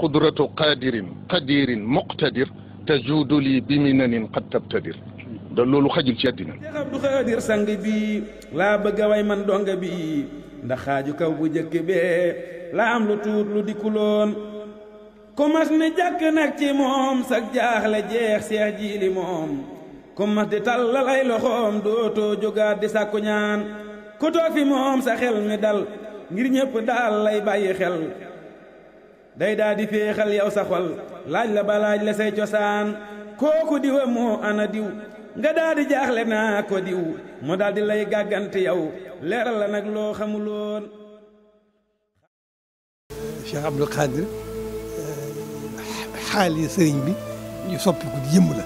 qudratu qadirin qadirin muqtadir tajuudu lii biminanin qad tabtadir da loolu xajul ci àddina Cheikh Abdou Khadir sang bi laa bëgg a way man donga bi ndax xaaju kaw bu jëkk bee laam am lu tuut lu dikkuloon ku mas ni jàkk nag ci moom sag jaaxle jeex seex jiili moom ku mas di tàllal ay loxoom dootoo jógaat di sàkku ñaan toog fi moom sa xel mi dal ngir ñëpp daal lay bàyyi xel day da di féexal yow sa xol laaj la balaaj la say cosaan kooku diwa moo ana diw nga da di jaxle na ko diw mo dal di lay gagant yow leral la nag loo xamuloon Cheikh abdou Khadir xali serigne bi ñu sopp ko di yëmm la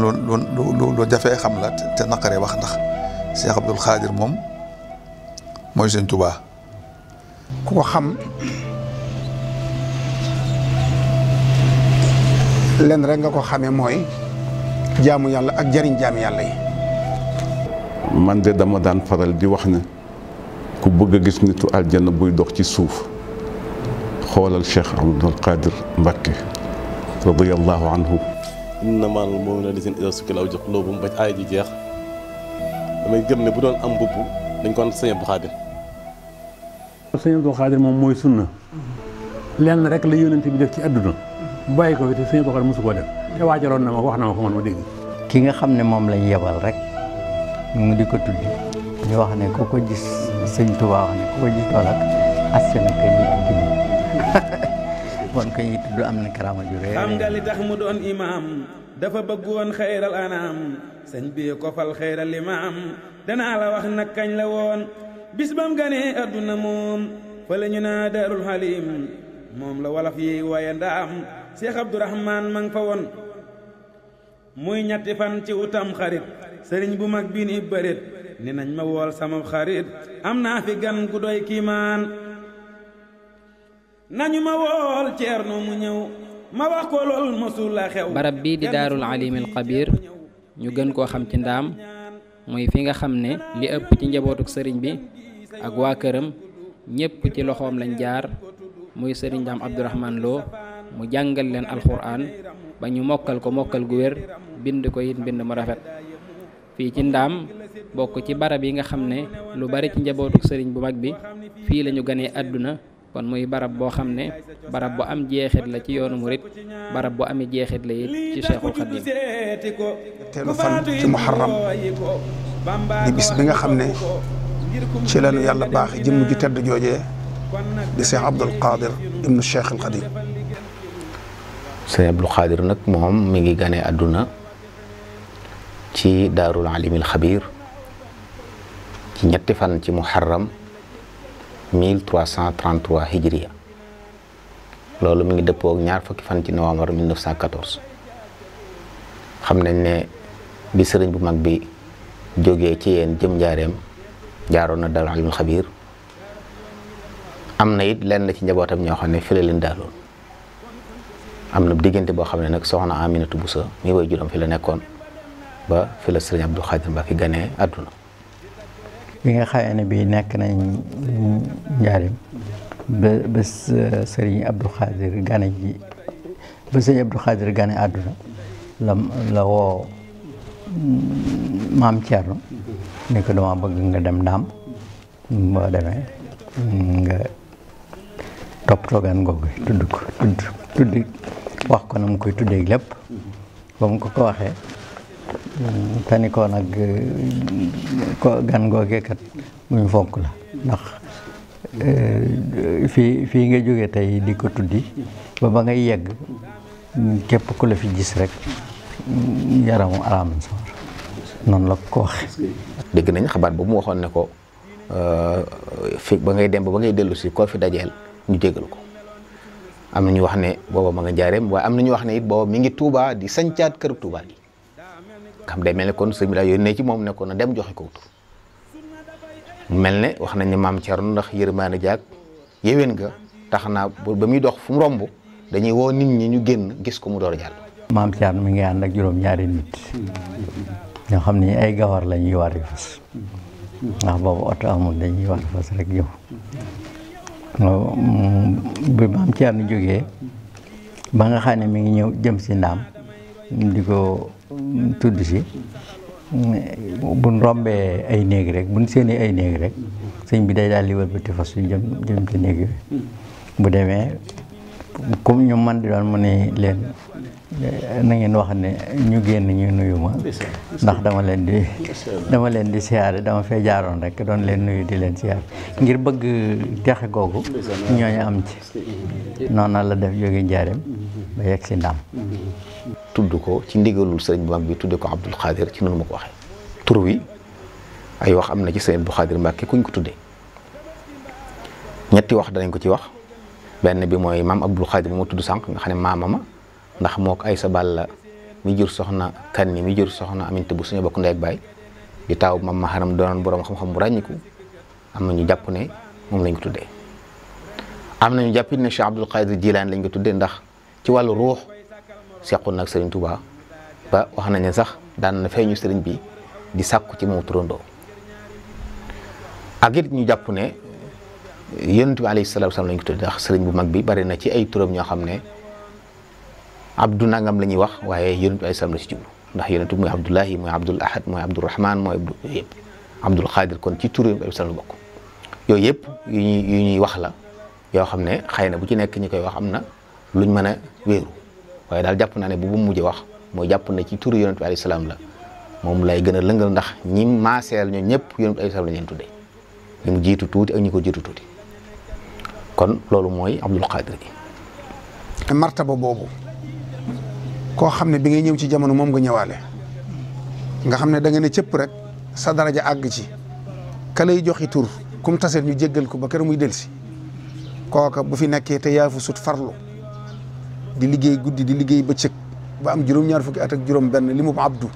lo lo lo lo lo jafé xam la te naqaree wax ndax Cheikh abdou Khadir mom moy seigne touba ku ko xam lenn rek nga ko xamee mooy jaamu yàlla ak jariñ jaami yàlla yi. man de dama daan faral di wax ne ku bëgg a gis nitu aljanna buy dox ci suuf xoolal Cheikh Abdoul Qadir Mbacké radiyallahu anhu innamal mu'minuuna allaziina izaa zukkira wajilat quluubuhum ba aaya ji jeex damay gëm ne bu doon am mbubb dañ ko sant Sëñ Abdou Khadre sëñ Abdou Khadir moom mooy sunna lenn rek la yónnante bi def ci adduna bàyyi fi te sëñ Abdou Khadir mosu def te waajaloon na wax ko man ma ki nga lañ yebal rek ñu ngi tuddi ñu wax ne ku gis sëñ Touba wax ne ku gis dool ak askan kay nit jëm kay tudd ju xam nga li tax mu dafa bi ko fal xayral imaam danaa la wax nag kañ la bis bam ganee adduna moom fa la ñu naa daarul xalim moom la walaf yi waaye ndaam seex abdurahmaan fa won muy ñatti fan ci utam xarit serigne bu mag bii ni bërit ni nañ ma wol sama xarit amna fi gan gu doy nañu ma wol mu ñew ma wax ko lol masul xew barab bi di alim alimil kabir ñu gën ko xam ci ndam muy fi nga xamne li ëpp ci njabotuk serigne bi ak waa këram ñépp ci loxoom lañ jaar muy Serigne Abdourahman Lo mu jàngal leen alxuraan ba ñu mokkal ko mokkal gu wér bind ko it bind mu rafet fii ci ndaam bokk ci barab yi nga xam ne lu bari ci njabootu sëriñ bu mag bi fii lañu ganee àdduna kon muy barab boo xam barab bu am jeexit la ci yoonu murit barab bu ami jeexit la it ci Cheikhul Khadim ci muharram ni bis bi nga xam ci lañu yàlla baax jëmm ji tedd joojee di Cheikh Abdoul Qadir ibnu Cheikh al Qadim Sëñ Abdoul Qadir nag moom mi ngi ganee àdduna ci daarul alimil xabir ci ñetti fan ci muharram 1333 hijriya loolu mi ngi dëppoo ak ñaar fukki fan ci novembre 1914 xam nañ ne bi sëriñ bu mag bi jógee ci yéen jëm njaareem jaaroon na daal ilmul xabiir am na yit lenn ci njabootam ñoo xam ne fi la leen daaloon am na diggante boo xam ne nag soxna Aminatu Buso mi way juróom fi la nekkoon ba fi la sëriñ Abdou Khadir Mbacke ganee àdduna bi nga xamee ne nekk nañ njaarim sëriñ Abdou Khadir gane ji ba sëriñ Abdou Khadir gane la la woo maam Thierno Nikodoma Bagangadamdam, Badare, Toprogan Gog, to do wax ko nam koy tuddee lépp ba mu ko ko waxee te ni ko nag ko gan googee kat muñ fonk la eh, fi, fi nga jógee tey di ko tuddi ba ba ngay yegg képp ku la fi gis rek noonu la ko waxe dégg nañ xabaar ba mu waxoon ne ko euh, fi ba ngay dem ba ba ngay dellusi si koo fi dajeel ñu jégal ko am na ñu wax ne booba ma nga njaareem waaye am na ñu wax ne it booba mi ngi tuubaa di sancaat kër Touba gi nga xam day mel ne kon sëñ bi ne ci moom nekkoon ko na dem joxe ko tur mel ne wax nañ ne maam Thierno ndax yërmaane jaag yéwén ga tax naa ba muy dox fu mu romb dañuy woo nit ñi ñu génn gis ko mu door a jàll. maam Thierno mi ngi ak juróom-ñaari ñoo xam ni ay gawar la ñuy wari fas ndax boobu oto amul dañuy wari fas rek ñëw bi maam Thierno jógee ba nga xam ne mi ngi ñëw jëm si ndaam di ko tudd si buñ rombee ay néeg rek buñ seeni ay néeg rek sëñ bi day daal di wëlbati fas yu jëm jëm ci néeg bi bu demee comme ñu man di doon mu ne leen Eh, na ngeen wax ne ñu génn ñu nuyu ma ndax dama leen di dama leen di siyaare dama fee jaaroon rek doon leen nuyu di leen siyaare ngir bëgg texe googu ñooñu am ci noonu la def jóge njaareem ba yegg si ndam tudd ko ci ndigalul sëriñ bu mag bi tudde ko Abdul Xaadir ci noonu ma ko waxee tur wi ay wax am na ci sëriñ bu Xaadir Mbàkke kuñ ko tuddee ñetti wax danañ ko ci wax benn bi mooy maam Abdul Xaadir bi ma tudd sànq nga xam ne maamama ndax mook ay Aysa Balla mi jur soxna Kanni mi jur soxna Aminta bu suñu bokk ndey ak baay di taaw mam maharam doonoon borom xam-xam bu ràññiku am na ñu jàpp ne moom lañ ko tuddee am nañu jàpp ne Cheikh Abdul Qadir Jilaan lañ ko tuddee ndax ci wàllu ruux seqoon nag Serigne Touba ba wax nañ ne sax daan na feeñu sëriñ bi di sàkku ci moom turandoo ak it ñu jàpp ne yonent bi alayhi salaatu wa salaam lañ ko tuddee ndax Serigne bu mag bi bari na ci ay turam ñoo xam ne. abdu nangam la ñuy wax waaye yonentu ay salaam la si jublu ndax yonentu mooy abdullahi mooy abdul ahad mooy abdurahman mooy abdu yëpp abdul xaadir kon ci tur yonentu bokk yooyu yëpp yu ñuy yu ñuy wax la yoo xam ne xëy na bu ci nekk ñi koy wax am na luñ mën a wéeru waaye daal jàpp naa ne bu bu mujj wax mooy jàpp na ci turu yonentu alayhi salaam la moom lay gën a lëngal ndax ñi maaseel ñoom ñëpp yonentu alayhi salaam la leen tuddee ñu jiitu tuuti ak ñi ko jiitu tuuti kon loolu mooy abdul qadir gi martaba boobu koo xam ne bi ngay ñëw ci jamono moom nga ñëwaale nga xam ne danga ne cëpp rek sa daraja àgg ci ka lay joxi tur kum taseet ñu jéggal ko ba kër muy delsi kooka bu fi nekkee te yaa fu sut farlu di liggéey guddi di liggéey ba bëccëg ba am juróom-ñaar fukki at ak juróom benn li mu abdu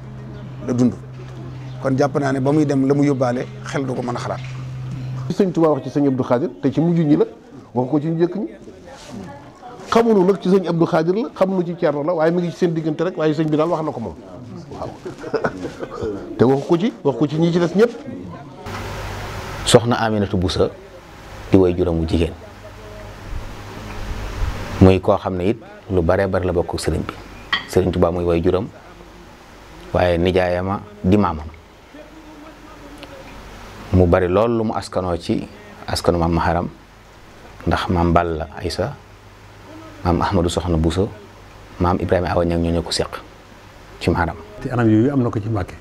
la dund kon jàpp naa ne ba muy dem la mu yóbbaale xel du ko mën a xalaat. ci sëñ Tuubaa wax ci sëñ Abdou Khadir te ci mujj ñi la wax ko ci ñu njëkk ñi xamuñu nag ci sëñ Abdou Khadir la xamuñu ci Thierno la waaye mi ngi ci seen diggante rek waaye sëñ bi daal wax na ko moom waaw te wax ko ci ñi ci des ñëpp. soxna Aminatu Boussa di way juróom jigéen muy koo xam ne it baree bari la bokk sëriñ bi sëriñ Tuubaa muy juróom waaye nijaayama di maamam mu bari lool lu mu askanoo ci askanu maam Maharam ndax maam Balla sa mam ahmadou soxna bousso mam ibrahima awa ñak ñoo ko sekk ci maram ci anam yooyu amna ko ci mbacke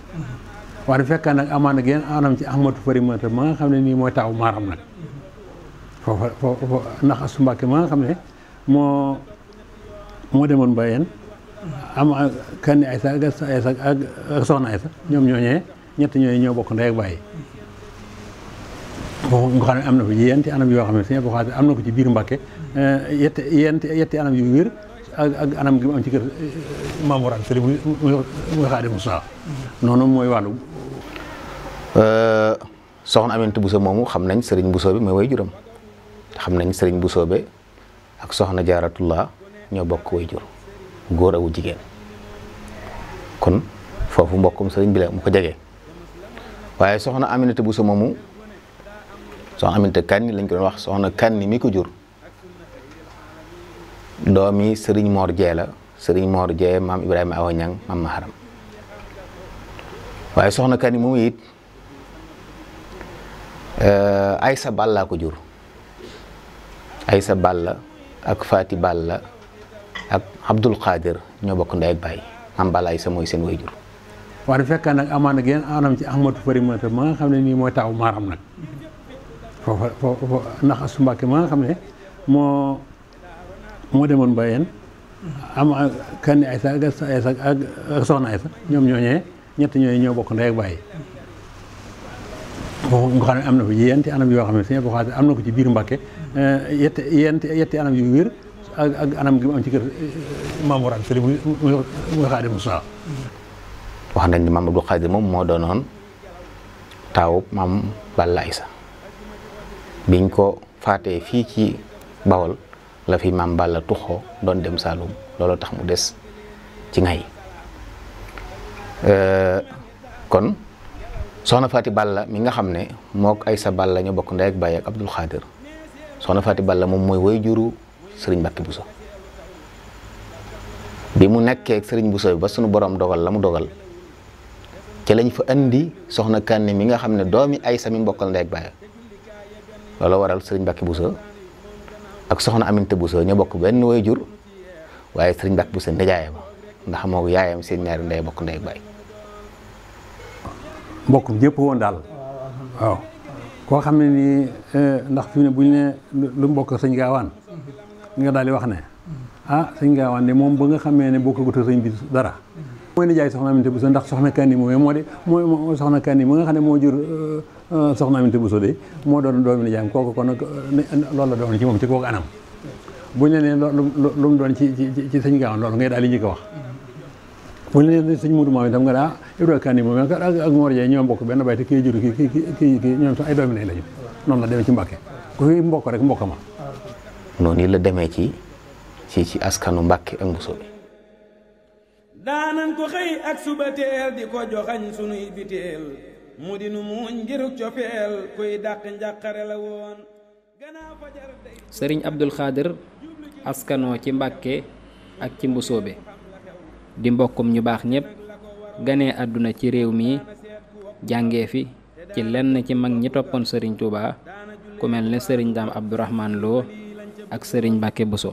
waaye bu fekkee nag amaan ak anam ci ahmadou farimata ma nga xamne ni moy taw maram nak fo fo foofa asu ma nga xamne mo mo demone bayen am kan ay sa ay sa ak soxna ay sa ñoo ñe ñet ñoy ñoo bokk ndey ak baye bo nga xamne amna am na ci anam yo xamne ne suñu am ko ci biir mbacke Eh, yetti yenti yetti anam yu wér anam gi mu am ci kër eh, maamoraan sëriñ muy muy xaadimu sunna noonu mooy wàllu eh, soxna Aminata Bousso moomu xam nañ sëriñ Bousso bi mooy way juram xam nañ sëriñ Bousso be ak soxna Jaaratullah ñoo bokk way jur góor awu jigéen kon foofu mbokkum sëriñ bi la mu ko jege waaye soxna Aminata Bousso moomu soxna Aminata Kanni lañ ko doon wax soxna Kanni mi ko jur domi serigne Mor Jee la serigne Mor Jee maam Ibrahima Awa Ñang maam Maharam waaye soxna Kani moom it eh, Aysa Balla ko jur aïssa Balla ak fati Balla ak Abdul Qadir ño bok nday ak bay maam Balla aïssa moy sen way jur waaye bu fekkee nag amaan nag anam ci Ahmadou Farimata ma nga xam ne nii mooy taaw maaram nag foofa foofa ndax Astu ma nga xam mo moo dem ba yéen am kan Aysa ak soxna Aysa ñoom ñooñee ñett ñooñu ñoo bokk ndey ak bàyyi foofu nga xam ne am na fi yenti anam yoo xam ne Sëñ Abdou Khadre am na ko ci biir Mbàkke eh, yetti yenti yetti anam yu wér ak anam gi am ci kër eh, Maam Mor Anta Sali muy Xaadimu Mustafaa wax nañ ni Maam Abdou Khadre moom moo doonoon taawub Maam Balla Aysa biñ ko faate fii ci Bawol la fi maam Balla tuxoo doon dem Saalum looloo tax mu des ci ngay euh, kon soxna Faati Balla mi nga xam ne mook Aysa Balla ñu bokk ndey ak baay ak Abdul Xaadir soxna Faati Balla moom mooy woy juru sëriñ Mbàkke Buso bi mu nekkee sëriñ bu bi ba sunu borom dogal la mu dogal ci lañ fa indi soxna Kànni mi nga xam ne doomi Aysa mi mbokkal ndey ak baay loolu waral sëriñ Mbàkke Buso ak soxna Aminta Bousso ñu bokk benn waajur waaye sëriñ Mbàkke Bousso nijaayam ndax moo yaayam seen ñaari ndey bokk ndey baay. mbokk mi woon daal waaw koo xam ne nii eh, ndax fi ne bu ñu ne lu mbokk sëñ gaawaan nga daal di wax ne a ah, sëñ gaawaan de moom ba xam xamee ne bokkagut sëñ bi dara mooy nijaay soxna Aminta Bousso ndax soxna Kani moom moo de mooy soxna Kani ma nga xam ne moo jur eh, Euh, soxna Aminata Bousso de moo doon doomi nijaayam kooku kon nag euh, loolu la doon ci moom ci kooku anam bu ñu leen lu doon ci ci ci sëñ Gaawan loolu ngay daal di njëkk a wax bu ñu leen sëñ Mudu Maam itam nga daa Ibrahima Kane moom ak ak Mor Jaay ñoo bokk benn baay te kii jur kii kii kii kii ñoom sax la demee ci Mbàkke ku fi mbokk rek mbokk ma noonu la demee ci ci ci askanu Mbàkke ak Bousso bi daanan ko xëy ak suba teel di ko joxañ sunuy biteel mu di nu muuñ ngiruk cofeel kuy dàq njàqare la woon sëriñ abdul xaadir askanoo ci mbàkke ak ci bi di mbokkum ñu baax ñépp gane àdduna ci réew mi jàngee fi ci lenn ci mag ñi toppoon sëriñ Touba ku mel ne sëriñ daam abdurahmaan ak sëriñ mbàkke buso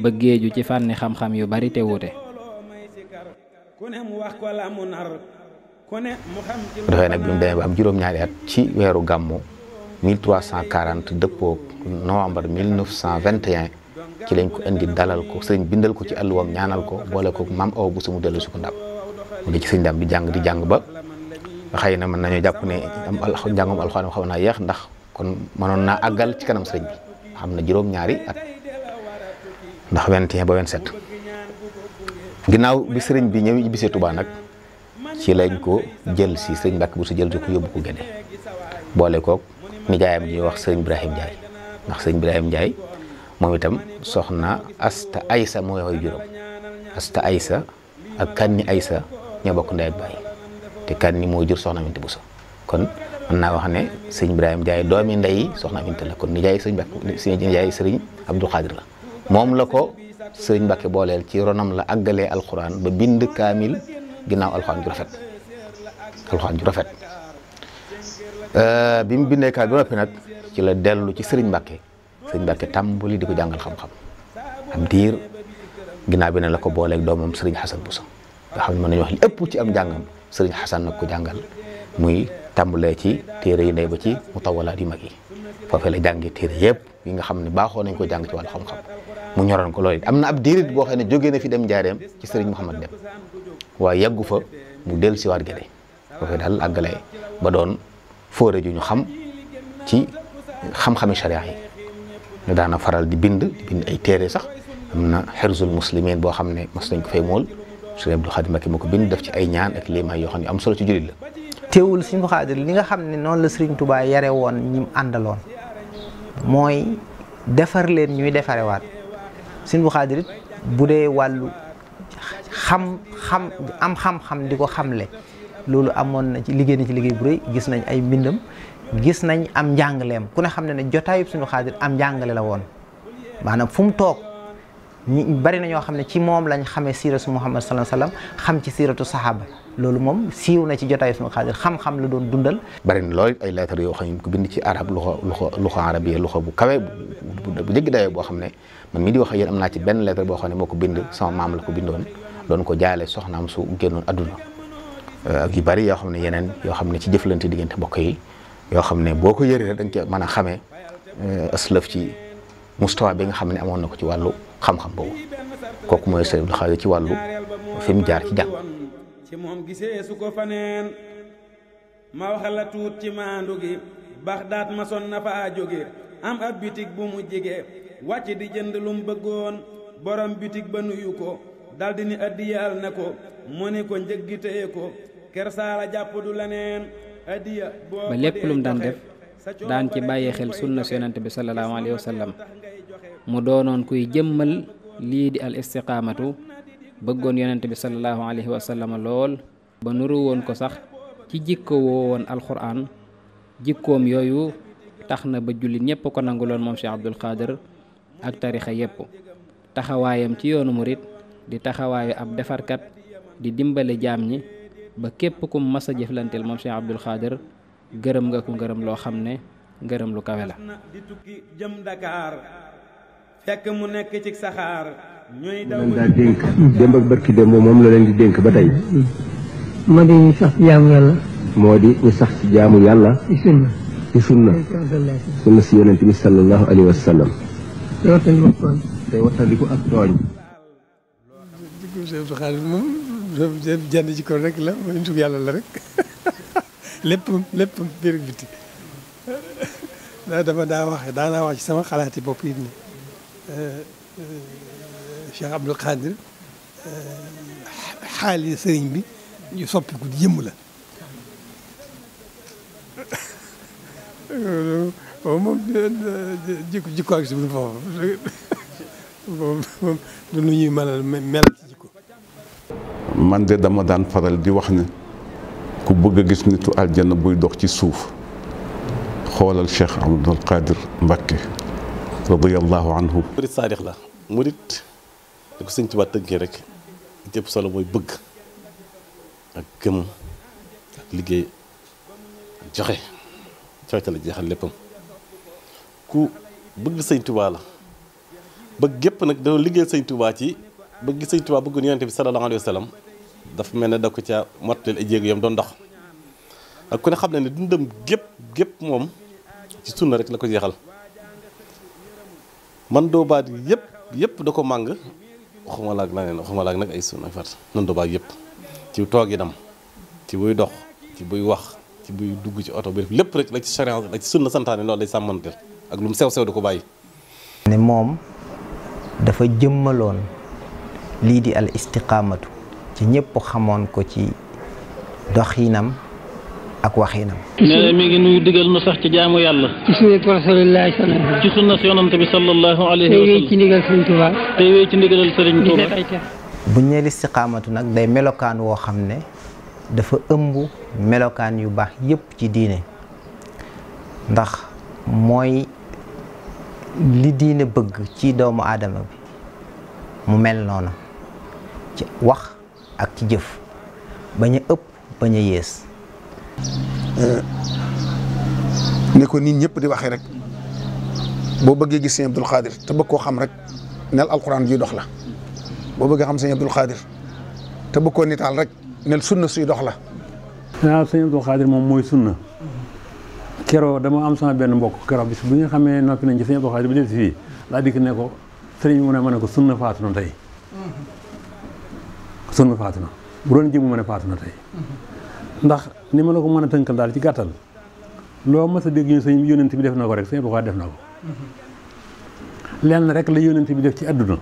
ba ci fànni xam-xam yu bari te wuute ku ne mu wax ko la nar dafay nag bi mu demee ba am juróom-ñaari at ci weeru gàmmu 1340 dëppoo novembre 1921 ci lañ ko indi dalal ko sëriñ bindal ko ci àlluwam ñaanal ko boole ko maam aw bu sumu dellu si ko ndam mu ci sëñ ndam di jàng di jàng ba xëy na mën nañoo jàpp ne am njàngum alxuraan xam naa yeex ndax kon mënoon na àggal ci kanam sëriñ bi xam na juróom-ñaari at ndax 21 ba 27 ginnaaw bi sëriñ bi ñëw ñibbisee ba nag ci lañ ko jël si sëñ Mbàkke bu sa jël si ko yóbbu ko Gédé boole koog nijaayam ñuy wax sëñ Ibrahim Ndiaye ndax sëñ Ibrahim Ndiaye moom itam soxna Asta Aysa mooy waxee juróom Asta Aysa ak Kanni Aysa ñoo bokk ndey ba baay te Kanni moo jur soxna bu so kon mën naa wax ne sëñ Ibrahim Ndiaye doomi ndey soxna Aminta la kon nijaay sëñ Mbàkke sëñ sëriñ Abdou Khadir la moom la ko sëriñ Mbàkke booleel ci ronam la àggalee alxuraan ba bind kaamil ginnaaw alxuraan ju rafet alxuraan ju rafet eh, bi mu bindee kaay bi noppi nag ci la dellu ci sëriñ Mbàkke sëriñ Mbàkke tàmbali di ko jàngal xam-xam am diir ginnaaw bi ne la ko booleeg doomam sëriñ Xasan Buso nga xam ne mën nañu wax li ëpp ci am jàngam sëriñ Xasan nag ko jàngal muy tàmbalee ci téere yi ndey ba ci mutawalaat yu mag yi foofee la jàngi téere yëpp yi nga xam ne baaxoo nañ ko jàng ci wàllu xam-xam mu ñoroon ko loolu am na ab diirit boo xam ne jógee na fi dem njaareem ci sëriñ Mouhamad dem waaye yàggu fa mu del siwaat gede dafay daal àggale ba doon fóore ju ñu xam ci xam-xami sharia yi ñu daana faral di bind di bind ay téere sax am na xerzul muslimin boo xam ne mas nañ ko fay mool Sëriñ Abdou Khadim Mbacké ko bind def ci ay ñaan ak liimaay yoo xam ne am solo ci jullit la teewul Sëriñ Xaadir li nga xam ne noonu la Sëriñ Tuubaa yare woon ñim àndaloon mooy defar leen ñuy defarewaat Sëriñ Xaadir it bu dee wàllu xam xam am xam-xam di ko xam le loolu amoon na ci liggéey na ci liggéey bu rëy gis nañ ay mbindam gis nañ am njàngaleem ku ne xam ne ne jotaayub suñu xaadir am njàngale la woon maanaam fu mu toog bari na ñoo xam ne ci moom lañ xamee siiratu Muhammad sallallahu alayhi wasallam xam ci siiratu saxaaba loolu moom siiw na ci jotaayu suñu xaadir xam-xam la doon dundal. bari na lool ay lettres yoo xam ne ko bind ci arab luxa luxa luxa arabiya luxa bu kawe bu jéggi dayoo boo xam ne. man mii di wax ak yéen am naa ci benn lettre boo xam ne moo ko bind sama maam la ko bindoon doon ko jaale soxnaam su génnoon adduna euh, ak yu bari yoo xam ne yeneen yoo xam ne ci jëflante diggante mbokk yi yoo xam ne boo ko yëree da nga cee mën a xamee euh, aslëf ci mustawa bi nga xam ne amoon na ko ci wàllu xam-xam boobu kooku mooy sëriñ Abdou ci wàllu fi mu jaar ci jàng ci moom gisee su ko faneen ma waxal tuut ci maandu gi bax daat ma son na faa jóge am ab bitig wàcc di jënd lum bëggoon borom bitig ba nuyu ko daldi ni addiyaal na ko mu ne ko njëg gi téye ko kersaala jàpp du leneen addiya ba lépp lum daan def daan ci bàyyi xel sunna su yonent bi sallallahu alayhi wa mu doonoon kuy jëmmal lii di al bëggoon yonent bi sallallahu alayhi wa lool ba nuru woon ko sax ci jikko woo woon alxuraan jikkoom yooyu tax na ba jullit ñépp ko nanguloon moom Cheikh Abdul Xaadir ak tarixa yépp taxawaayam ci yoonu murid di taxawaayu ab defarkat di dimbale jaam ñi ba képp ku massa jëflanteel Cheikh Abdul Xaadir gërëm nga ko ngërëm loo xam ne ngërëm lu kawe la di tukki jëm Dakar fekk mu nekk ci saxaar ñooy daw daa ak barki dem moom la leen di denk ba tey ma di sax jaamu yàlla moo di ñu sax ci jaamu yàlla ci sunna ci sunna sunna si bi sallallahu alayhi wa sallam day wattandi boppam. day wattandiku ak tooñ. dugub Sëñ Abdou Khadre moom jenn jikko rek la mooy nitu yàlla la rek lépp lépp biir biti dama daa wax daanaa wax ci sama xalaati bopp yi ne Cheikh Abdou Khadre xaali sëriñ bi ñu soppiku jëmm la. moom jikko jikko ak si buñ foofu moom du lu ñuy mën a mel ci jikko man de dama daan faral di wax ne ku bëgg a gis nitu aljana buy dox ci suuf xoolal Cheikh Abdoul Qadir Mbacké radiyallahu anhu murit saadix la murit da ko sëñ Tuubaa tënkee rek jëpp solo mooy bëgg ak gëm ak liggéey ak joxe cooyta la jeexal léppam ku bëgg sëñ la bëgg gépp nag dana liggéey sëñ ci bëgg sëñ tubaa bëggoon yonente bi sallallahu alayhi wa dafa mel ne da ko ca mottaleel ay jéego doon dox ku ne xam ne ne dundam gépp gépp moom ci sunna rek la ko jeexal man doobaat yëpp yëpp da ko màng waxuma laag la neen waxuma laag nag ay sunna fat man doobaat yëpp ci tooginam ci buy dox ci buy wax ci buy dugg ci oto bi lépp rek la ci charia la ci sunna santaane loolu lay sàmmanteel ak ko moom dafa jëmmaloon lii di al istiqaamatu ci ñëpp xamoon ko ci doxinam ak waxinam. nee na mi ngi tey wéy ci ndigal Sëriñ Tuuba. tey bu ñu nee nag day melokaan woo xam ne dafa ëmb melokaan yu baax yépp ci diine ndax mooy. li diine bëgg ci doomu aadama bi mu mel noonu ci wax ak ci jëf bañ a ëpp bañ a yées euh, ne ko nit ñépp di waxee rek boo bëggee gis sëñ Abdul Xaadir te bëgg koo xam rek nel alquran juy dox la boo bëggee xam sëñ Abdul Xaadir te bëgg koo nitaal rek nel sunna suy dox la waaw Abdul Xaadir moom mooy sunna keroo dama am sama benn mbokk keroo bis bu nga xamee noppi nañ ci sëñ Abdou Khadre bi def si laa dikk ne ko sëriñ mu ne ma ne ko sunna faatu na tey mm-hmm. sunna faatu na bu doon jëmm mu ne faatu mm-hmm. ndax ni ma la ko mën a tënkal daal ci gàttal loo mas a dégg ñu sëñ yónent bi def na ko rek sëñ Abdou Khadre def na mm-hmm. rek la yónent bi def ci àdduna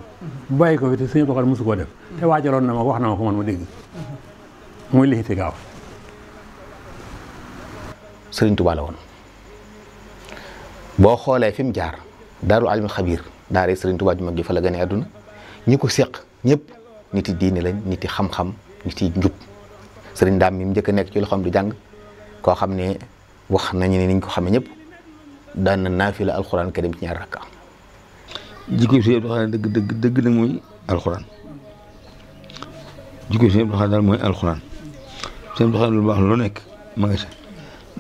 bàyyi ko fi te sëñ Abdou Khadre mosu koo def te waajaloon na ma wax na ma ko man ma dégg muy lixiti gaaw sëriñ Tuubaa boo xoolee fi mu jaar daaru alimul xabiir daara Serigne Touba ju mag ji fa la gane ñi ko séq ñépp niti diine lañ niti xam-xam niti njub Serigne Dame mi njëkk nekk ci loxoom di jàng koo xam ne wax nañu ne niñ ko xamee ñëpp daan na naafila alxuraan karim ci ñaar rakka jikko si yëpp dëgg dëgg dëgg nag mooy alxuraan jikko si yëpp daal mooy alxuraan seen doxalin lu baax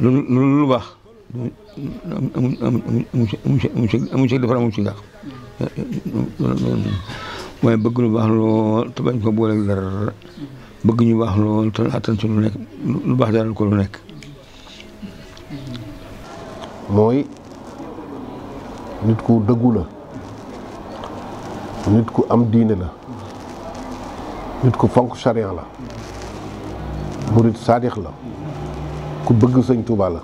lu lu lu baax amuñ amuñ amuñ si defar amuñ si yàq waaye bëgg lu baax lool te bañ ko booleeg dara bëgg ñu baax lool te attan si lu nekk lu baax jaral ko lu nekk. mooy nit ku dëggu la nit ku am diine la nit ku fonk charia la murit saadix la ku bëgg sëñ Tuuba la.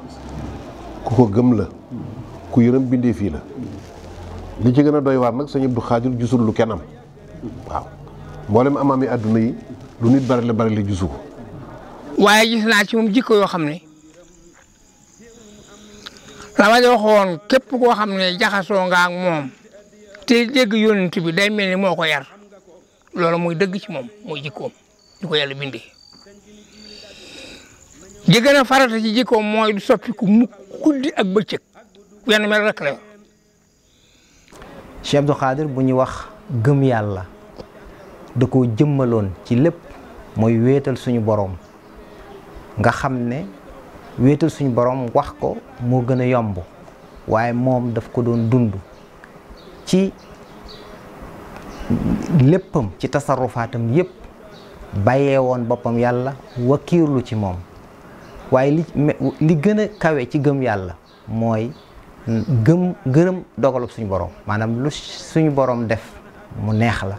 ku ko gëm la ku yërëm bindee fii la li ci gën a doy waar nag sëñ Abdou Khadir gisul lu kenn am waaw mboolem amaam yi àdduna yi lu nit bari la bari la gisu ko waaye gis naa ci moom jikko yoo xam ne la ma képp koo xam ne jaxasoo nga ak moom te dégg yonent bi day mel ni moo ko yar loolu muy dëgg ci moom mooy jikkoom ñu ko yàlla bindee di gën a farata ci jikkoom mooy du soppiku mu guddi ak bëccëg wenn mel rek la yor. Cheikh Abdou Khadir bu ñu wax gëm yàlla da ko jëmmaloon ci lépp mooy wéetal suñu boroom nga xam ne wéetal suñu boroom wax ko moo gën a yomb waaye moom daf ko doon dund ci léppam ci tasarufaatam yépp bàyyee woon boppam yàlla wakiirlu ci moom waaye li li gën a kawe ci gëm yàlla mooy gëm gërëm dogalub suñ borom maanaam lu suñu borom def mu neex la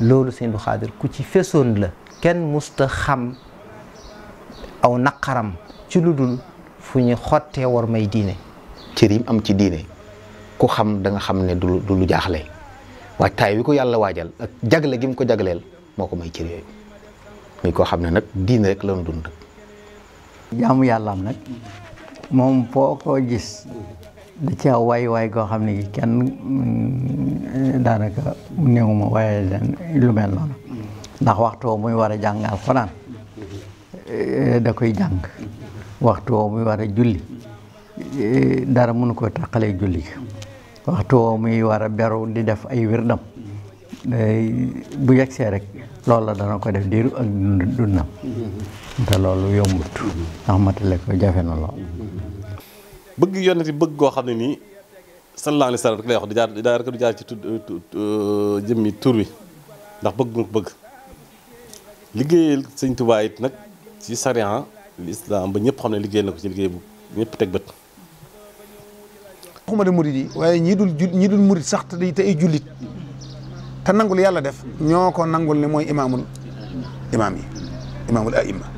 loolu sëñ bu ku ci fesoon la kenn musta xam aw naqaram ci lu dul fu ñu xottee war may diine cër yi am ci diine ku xam danga xam ne du lu jaaxle waaye taay wi ko yàlla waajal ak jagle gi mu ko jagleel moo ko may cër yooyu muy koo xam ne nag diine rek lan dund jaamu yàllaam nag moom foo ko gis da ci aw way waay goo xam ne kenn mm, daanaka néewuma waaye leen lu mel noonu ndax waxtu muy war a jàng alxuraan eh, da koy jàng waxtu woo muy wara julli eh, dara mënu ko taqalee julli waxtu woo muy war a beru di def ay wirdam eh, bu see rek loolu la dana ko def diiru ak dundam te loolu yombut ndax matale ko jafe na lool. bëgg yonent bëgg goo xam ne nii sallallahu alayhi wa sallam rek lay wax di jaar di jaar di ci tudd euh, jëmmi tur wi ndax bëgg mu bëgg liggéeyal sëñ Tuubaa it nag ci sariya lislaam ba ñëpp xam ne liggéeyal na ko ci liggéey bu ñëpp teg bët. waxuma de murid waaye ñi dul jul ñi dul murid sax te day te nangul yàlla def ñoo ko nangul ne mooy imaamul imaam yi imaamul aima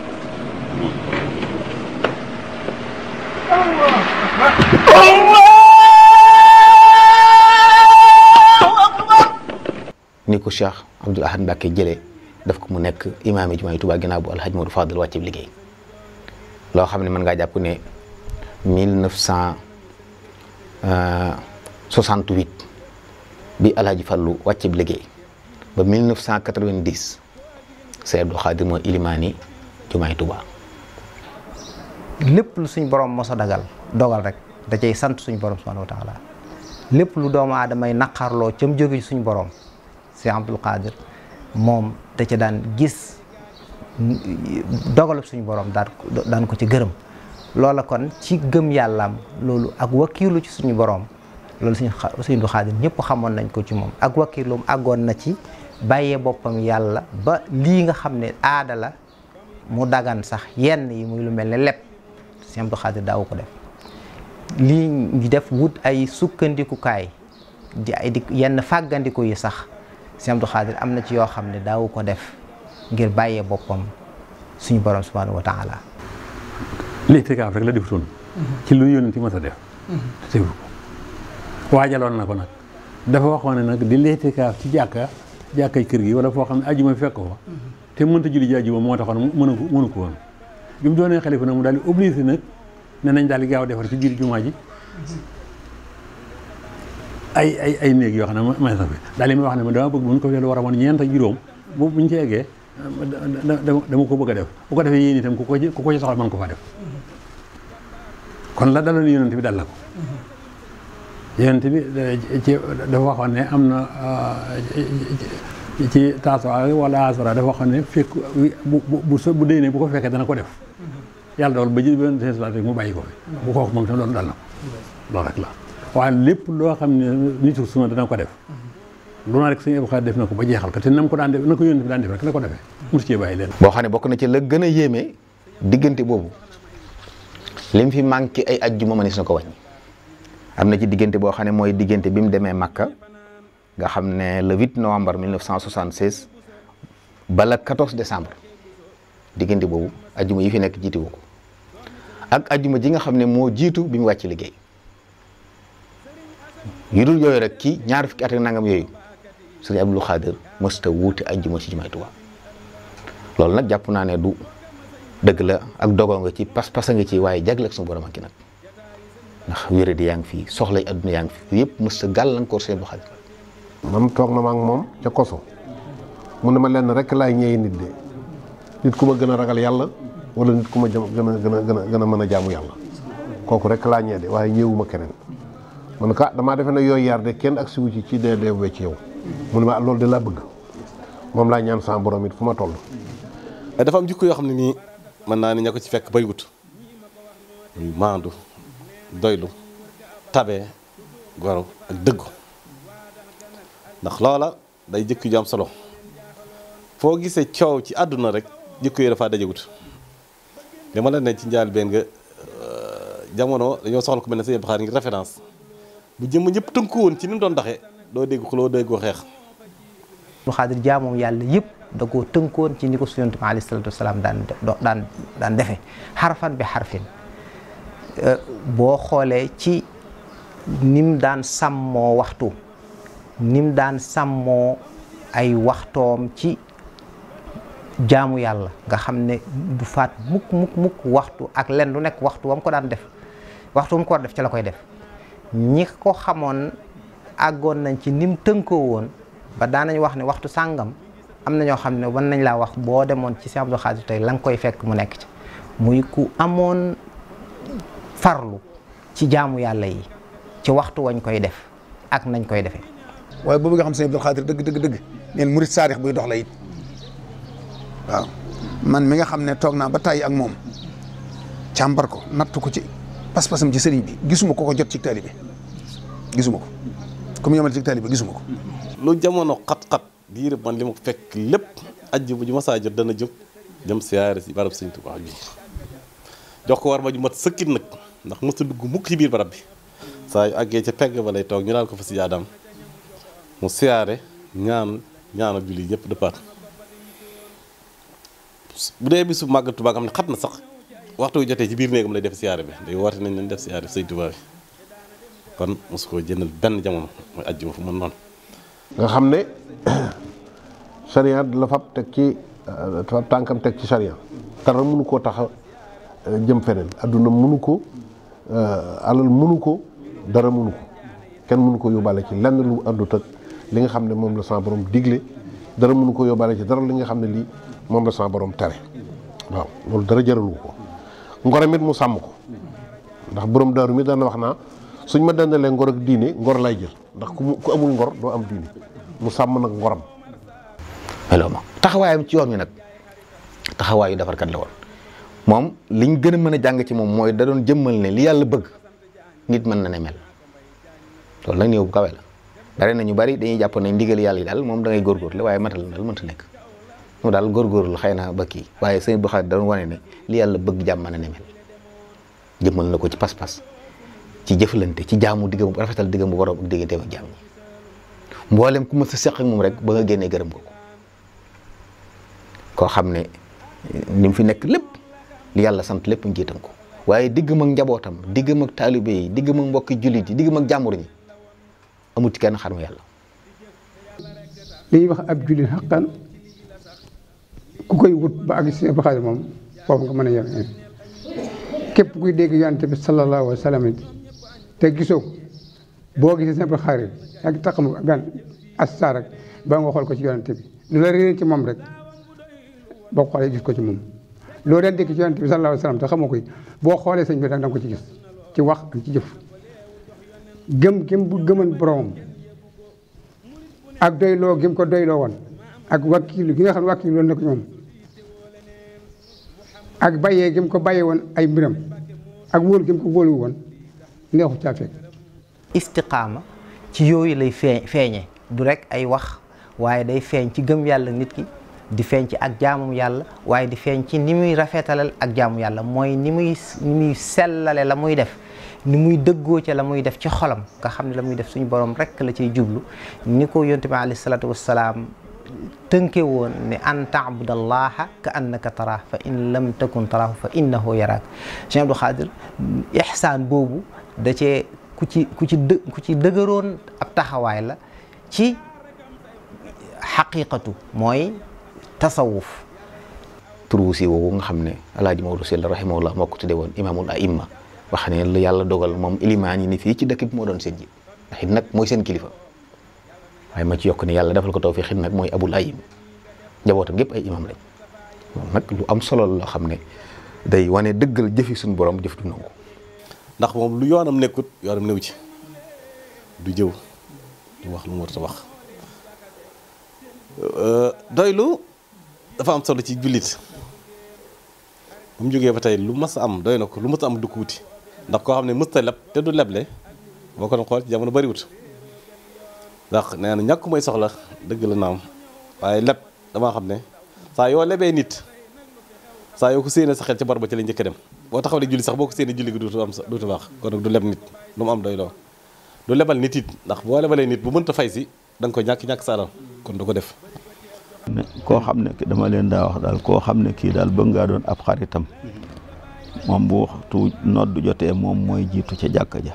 ko Cheikh Abdoul Ahad ko mu nekk imaam jumaa yi Tuubaa bu Alhaji Modou Fadal wàcce bi liggéey loo xam ne mën ngaa jàpp ne 1968 euh, bi Alhaji Fallu wàcce bi liggéey ba 1990 Sëñ Abdou Khadir ilimaani jumaa yi lépp lu suñ borom mos a dagal dogal rek da cay sant suñ borom subhanahu wa taala lépp lu doomu aadamay naqarloo ca mu jóge suñ borom Cheikh Abdoul Qadir mom. da ca dan gis dogalou suñu borom dar, dan ko ci gërëm kon ci gëm yàllaam loolu ak wakilu ci suñu borom loolu suñu suñu du xaadir ñëpp xamoon nañ ko ci mom ak wakiilum àggoon na ci baye bopam yalla ba li nga xamne aada la mu dagan sax yenn yi muy lu melni lepp Cheikh Abdoul Qadir daawu ko def li ngi def wut ay kay di ay yenn fagandiku yi sax Sëñ Abdou Khadir am na ci yoo xam ne daawu ko def ngir bàyyee boppam suñu borom subhanahu wa taala litikaaf rek la defutoon ci lu yónent yi mës a def mhm. te teewu ko waajaloon na ko nag dafa waxoon ne nag di litikaaf ci jàkka jàkkay kër gi wala foo xam ne ajuma fekk ko fa mhm. te mënta julli ji ajuma moo taxoon mënu ko mënu ko woon bi mu doonee xalifa nag mu daal di obligé nag ne nañ daal di gaaw defar ci biir jumaa ji mhm. ay ay ay néeg yoo xam ne ma sax bi daal wax ne ma dama bu ko fi war a wan ñeent ak juróom bu bu ñu ci eggee dama ko bëgg a def bu ko defee yéen itam ku ko ci ku ko ci soxla mën ko faa def kon la daloon yonent bi dal la ko yonent bi ci dafa waxoon ne am na ah, ci taaswa wala asra dafa waxoon ne fekk bu bu so bu bu ko fekkee dana ko def yàlla dool ba ji benn mu bàyyi ko bu ko wax moom itam loolu ko loolu rek waaye lépp loo xam ne nitu suna dana ko def lu na rek suñu avocat def na ko ba jeexal ko te na ko daan def na ko yónni daan def rek na ko leen boo xam ne bokk na ci la gën a yéeme diggante boobu lim fi manqué ay ajjuma mënees na ko wàññi am na ci diggante boo xam ne mooy diggante bi mu demee Makka nga xam ne le 8 novembre 1976 ba le 14 décembre diggante boobu ajjuma yi fi nekk jiitu ko ak ajjuma ji nga xam ne moo jiitu bi mu wàcc liggéey yu dul yooyu rek kii ñaari fukki at ak nangam yooyu sëñ Abdou Khadir mësta wuute ajjuma ci jumaay Tuubaa loolu nag jàpp naa ne du dëgg la ak dogoo nga ci pas-pasa nga ci waaye jagleeg suñu borom ak ki nag ndax wéré di yaa ngi fi soxla adduna yaa ngi fi yëpp mësta gàllankoor seen Abdou Khadir man toog na ma moom ca koso mu ne ma lenn rek laay ñëwee nit de nit ku ma gën a ragal yàlla wala nit ku ma gën a gën a gën a gën a mën a jaamu yàlla kooku rek laa ñëwee de waaye ñëwuma ma ne ah, damaa defe na yooyu yar de kenn ak si wu ci ci dee dee ci yow. mu ne ah, loolu de laa bëgg moom laa ñaan sama borom it fu ma toll. Eh, dafa am jikko yoo xam ne nii mën naa ne ña ko ci fekk bay wut muy maandu doylu tabe goru ak dëggu ndax loola day jikko ju solo foo gisee coow ci àdduna rek jikko yi dafa dajagut li ma la ne ci njaal benn nga euh, jamono dañoo soxla ko mel ne sa yëpp xaar ngir référence bu jëm ñep tënku won ci nim doon doxee do dégg ko lo dégg ko xeex lu xaadir mom yalla yëpp da koo won ci niko sunnatu suyontu bi alayhi salatu daan daan daan bi harfin euh, bo xolé ci nim daan sammo waxtu nim daan sammo ay waxtom ci jaamu yalla nga xamne du fat muk muk muk waxtu ak len lu nek waxtu wam ko daan def waxtu wam ko def ci la koy def ñi ko xamoon àggoon nañ ci nim tënkoo woon ba daanañ wax ne waxtu sàngam am na ñoo xam ne wan nañ laa wax boo demoon ci Sëñ Abdou Khadre tey la koy fekk mu nekk ci muy ku amoon farlu ci jaamu yàlla yi ci waxtu wañ koy def ak nañ koy defee. waaye boobu nga xam Sëñ Abdou Khadre dëgg dëgg dëgg neen murit saarix buy dox la it man mi nga xam ne toog naa ba tàyyi ak moom càmbar ko natt ko ci. pas-pasam ci serigne bi gisuma ko ko jot ci taalibe gisuma ko comme yomal ci taalibe gisuma ko. lu jamono khat khat diir man limu fek lepp aji bu ju masaa jot dana jóg dem siyaare si barab serigne touba bi jox ko war ma ju mat sekit nak ndax musta dug mukk ci bir barab bi sa yu àggee pegg ba lay tok ñu dal ko fa ci adam mu siyaare ñaan ak julli ñëpp dëppaat bu dee bisu magatu ba gam xam ne na sax waxtu wu jotee ci biir néegam lay def siyaare bi day woote nañ leen def siyaare bi sëñ Tuubaa bi kon mosu koo jëndal benn jamono mooy ajjuma fu mën noonu. nga xam ne sariya la fab teg ci euh, fab tànkam teg ci sariya dara mënu koo tax euh, jëm feneen adduna mënu ko euh, alal mënu ko dara mënu ko kenn mënu ko yóbbaale ci lenn lu àndut ak li nga xam ne moom la sama borom digle dara mënu ko yóbbaale ci dara li nga xam ne lii moom la sama borom tere waaw loolu dara jaralu ko. ngor it mu sam ko ndax borom daru mi dana waxna naa suñ ma le ngor ak diine ngor lay jël ndax ku amul ngor do am diine mu sam nak ngoram hello ma taxawayam ci yoon wi taxawayu taxawaayu defarkat la won mom liñ gëna mëna jang ci mom moy da doon jëmmal ne li yalla bëgg nit mën ne mel lol nak bu la bari dañuy japp ne ndigal yalla yi mom da ngay le waye matal dal mën ta nek mu daal góorgóorlu xëy na ba kii waaye sëñ bu xaat dañu wane li yàlla bëgg jàmm na ne mel jëmmal na ko ci pas-pas ci jëflante ci jaamu diggam rafetal diggam bu mu ak digganteem ak jàmm ñi mboolem ku ma sa seq ak moom rek ba nga génnee gërëm ko ko koo xam ne ni fi nekk lépp li yàlla sant lépp njiitam ko waaye diggam ak njabootam diggam ak taalibe yi diggam ak mbokki jullit yi diggam ak jàmbur amuti amut ci kenn xarmu yàlla. li ñuy wax ab jullit xaqan ku koy wut ba àgg si Abdou Khadre moom foofu nga mën a yem képp kuy dégg yonent bi sallallahu alayhi wa sallam te gisoo boo gisee si Abdou Khadre yaa ngi taxamu gan astar rek xool ko ci yonent bi lu la ci moom rek boo xoolee gis ko ci moom loo daan dégg ci bi sallallahu alayhi wa sallam te xamoo ko boo xoolee sañ bi da nga ko ci gis ci wax ak ci jëf gëm gëm bu gëman boromam ak doyloo gëm ko doyloo woon ak wakkiilu gi nga xam ne wakkiilu woon na ko ñoom ak bàyyee gi ko bàyyee woon ay mbiram ak wóolu gi ko wóolu woon neexu caa fekk istiqaama ci yooyu lay feeñ feeñe du rekk ay wax waaye day feeñ ci gëm yàlla nit ki di feeñ ci ak jaamum yàlla waaye di feeñ ci ni muy rafetalal ak jaamu yàlla mooy ni muy ni sellale la muy def ni muy dëggoo ca la muy def ci xolam nga xam ne la muy def suñu borom rek la ciy jublu ni ko yonte bi alayhi salaatu tënke woon ne an taabudallaha ka annaka taraahu fa in lam takun taraahu fa innahu yaraak Cheikh Abdou Khadir ihsaan boobu da ci ku ci dë ku ci dëgëroon ab taxawaay la ci xaqiqatu mooy tasawuf turu si nga xam ne alaaji Maodo Sylla rahimahullah moo ko tuddee woon imaamul aimma wax ne yàlla dogal moom ilimaan yi ni fii ci dëkk bi moo doon seen ji ndax it nag mooy seen kilifa waaye ma ci yokk ni yàlla defal ko tawfiq nag mooy abul ayim njabootam gépp ay imam lañ nag lu am solo loo xam ne day wane dëggal jëfi suñu borom jëf du nangu ndax moom lu yoonam nekkut yoonam néew ci du jëw du wax lu mu warut a wax euh, doylu dafa am solo ci jullit mu jógee ba tey lu mas am doy na ko lu mas a am du ko wuti ndax koo xam ne mës ta leb te du leble boo ko doon xool ci jamono bariwut ndax nee na ñàkk mooy soxla dëgg la naam waaye leb damaa xam ne saa yoo lebee nit saa yoo ko séenee sa xel ca bor ba ca la njëkk dem boo taxaw julli sax boo ko séenee julli gi dootu am dootu baax kon nag du leb lu lebal nit it ndax boo lebalee nit bu mënta fay si da ko ñàkk ñàkk sa kon du ko def. koo xam ne dama leen daa wax daal koo xam ne kii daal bëgg nga doon ab xaritam moom bu waxtu nodd jotee moom mooy jiitu ca jàkka ja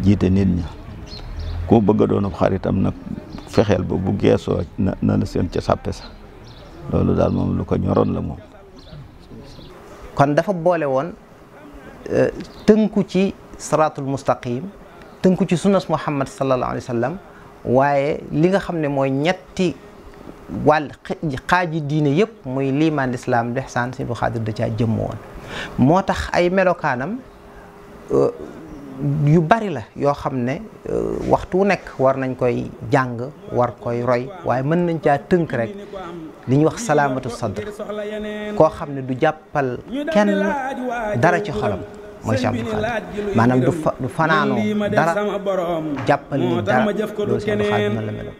jiite nit ña. koo bëgg a doon ab xaritam nag fexeel ba bu geesoo na la seen ca sàppe sa loolu daal moom lu ko ñoroon la moom. kon dafa boole woon e, tënku ci saratul mustaqim tënku ci sunnas muhammad sallallahu alayhi waaye li nga xam ne mooy ñetti wàll xaaji diine yëpp muy liimaan lislaam lihsaan si bu xaadir da caa jëmm woon moo tax ay melokaanam. E, yu bari la yoo xam ne euh, waxtu wu nekk war nañ koy jàng war koy roy waaye mën nañ caa tënk rek li wax salaamatu sadr koo xam ne du jàppal kenn dara ci xolam mooy Cheikh Abdou Khadre maanaam du fanaanoo dara jàppal ni dara loolu Cheikh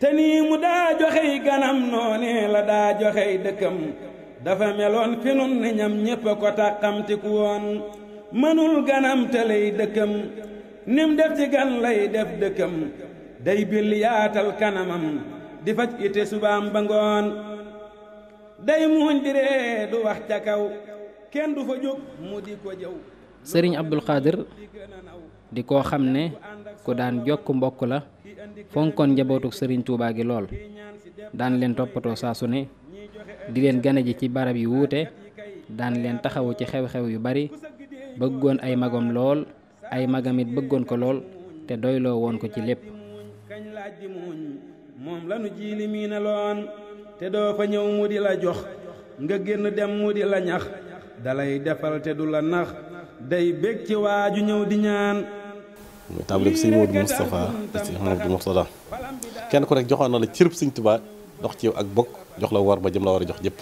te nii mu daa joxey ganam noonee la daa joxey dëkkam dafa meloon fi nun ñam ñépp ko tàqamtiku woon mënul ganam te lay dëkkam nim def ci gan lay def dëkkam day bil yaatal kanamam di faj ite subaam ba ngoon day muuñ di ree du wax ca kaw kenn du fa jóg mu di ko jëw sëriñ Abdul Xaadir di ko xam ne ku daan jokk mbokk la fonkoon njabootuk sëriñ Tuubaa gi lool daan leen toppatoo saasu su ne di leen gane ji ci barab yi wuute daan leen taxawu ci xew-xew yu bari bëggoon ay magam lool ay magamit bëggoon ko lool te doyloo woon ko ci lépp kañ laaj di muuñ moom lanu jiili mii na loon te doo fa ñëw mu di la jox nga génn dem mu di la ñax dalay defal te du la nax day bég ci waaju ñëw di ñaan mu tàmbali sëñ Modou Moustapha sëñ kenn ku nekk joxoon na la cërëb sëñ Tuubaa dox ci yow ak bokk jox la war ba jëm la war a jox jëpp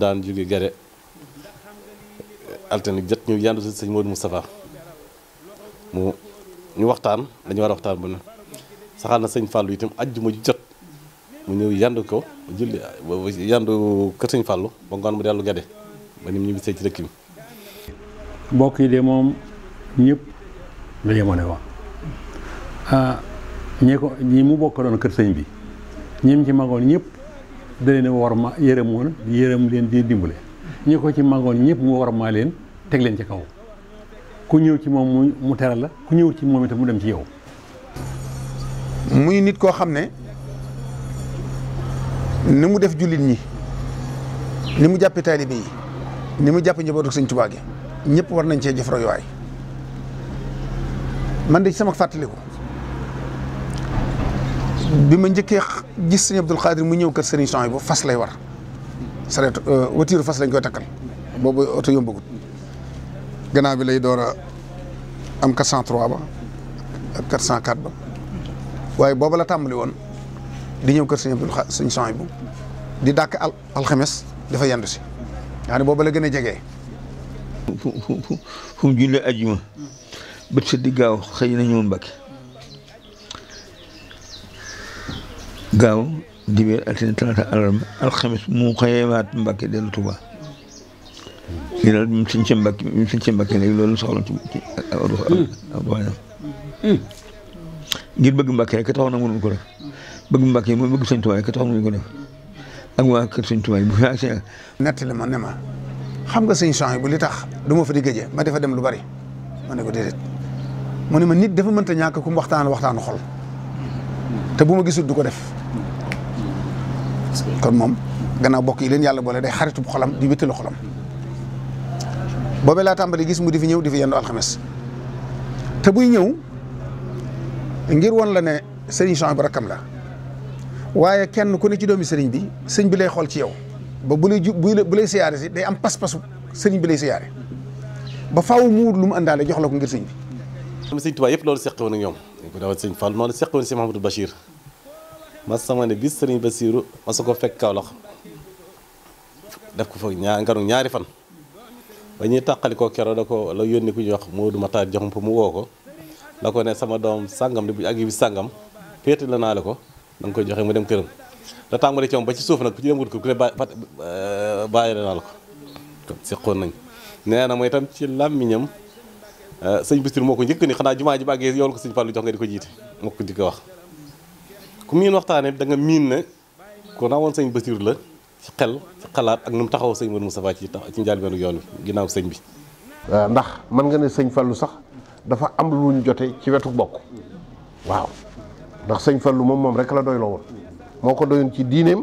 daan jóge gare altine jot ñu yandu si sëñ Modou Moustapha mu ñu waxtaan dañu war a waxtaan bu ne saxaar na sëñ Fallou itam ajjuma ju jot mu ñëw yandu ko julli yandu kër sëñ Fallou ba ngoon mu dellu gade ba ni mu ñibbisee ci dëkk bi mbokk yi de moom ñépp la yemoon wa ah ñi ko ñi mu bokk doon kër sañ bi ñim ci magoon ñëpp da leen war ma yërëm yërëm leen di dimbale ñi ko ci màngoon ñëpp mu war maa leen teg leen ci kaw ku ñëw ci moom mu teral la ku ñëw ci moom itam mu dem ci yaw muy nit koo xam ne ni mu def jullit ñi ni mu jàppee taalibe yi ni mu jàppee njabootu Sëñ Tuubaa gi ñëpp war nañ cee jëf royuwaay man de ci sama fàttaliku bi ma njëkkee gis Sëñ Abdul Xaadir mu ñëw kër Sëriñ yi bu fas lay war. sareet euh, watiiru fas lañ koy takkal boobu oto yombagut gannaaw bi lay doora am 403 ba ak 404 ba waaye booba la tàmbali woon di ñëw kër sëñ Abdul sëñ Soñ bu di dakk al alxames dafa yendu si yaa ne booba la gën a jege fu fu fu mu ajuma bët sa di gaaw xëy na ñëw Mbàkke gaaw dibéer altine talaata alarba alxames mu xëyewaat Mbàkke dellu Tuuba ñu daal mu suñ ca Mbàkke mu suñ ca Mbàkke léegi loolu soxla ci awañam hmm. hmm. ngir bëgg Mbàkke rek taxoon na mënuñ ko def bëgg Mbàkke mooy bëgg Sëñ Tuubaa rek taxoon nañu ko def ak waa kër Sëñ Tuubaa bu fi seen nett la ma ne ma xam nga sëñ champs yi bu li tax du ma fa di gëjee ma dafa dem lu bari ma ne ko déedéet mu ne ma nit dafa mënta ñàkk ku mu waxtaan waxtaanu xol te bu ma gisul du ko def kon moom gannaaw bokk yi leen yàlla boole day xaritu xolam di wéttalu xolam boobee laa tàmbali gis mu di fi ñëw di fi yendu alxames te buy ñëw ngir won la ne sëriñ Cheikh bi rakkam la waaye kenn ku ne ci doomi sëriñ bi sëñ bi lay xool ci yow ba bu lay ju bu lay siyaare si day am pas-pasu sëriñ bi lay siyaare ba faaw mu wut lu mu àndaale jox la ko ngir sëñ bi. am na sëñ Tuubaa yëpp loolu seqoon ak ñoom dañ ko daaw sëñ Fall noonu seqoon si Mahamadou Bachir. mas sama ne bis sëriñ Basiiru ma su ko fekk Kawlax def ko foog ñaar ngaru ñaari fan ba ñuy tàqali ko keroo da ko la yónni ku ñuy wax Moodu Mataar joxum mu woo ko la ko sama doom sàngam di bu ak bi sàngam féete la naa la ko da koy joxe mu dem këram la tàmbali ci moom ba ci suuf nag ku ci dem wut ko ku ne bàyyi la naa la ko seqoon nañ nee na mooy itam ci làmmiñam euh, sëñ Basiiru moo ko njëkk ni xanaa jumaa ji bàggee yoolu ko sëñ Fallu jox nga di ko jiite moo ko njëkk wax ku miin waxtaanee da nga miin ne ku rawoon sëñ Basiir la ci xel ci xalaat ak nu mu taxaw sëñ Mor Moustapha ci tax ci njëlbeenu yoon wi ginnaaw sëñ bi. ndax man nga ne sëñ Fallou sax dafa am lu ñu jote ci wetu bokk waaw ndax sëñ Fallou moom moom rek la doy woon moo ko doyoon ci diineem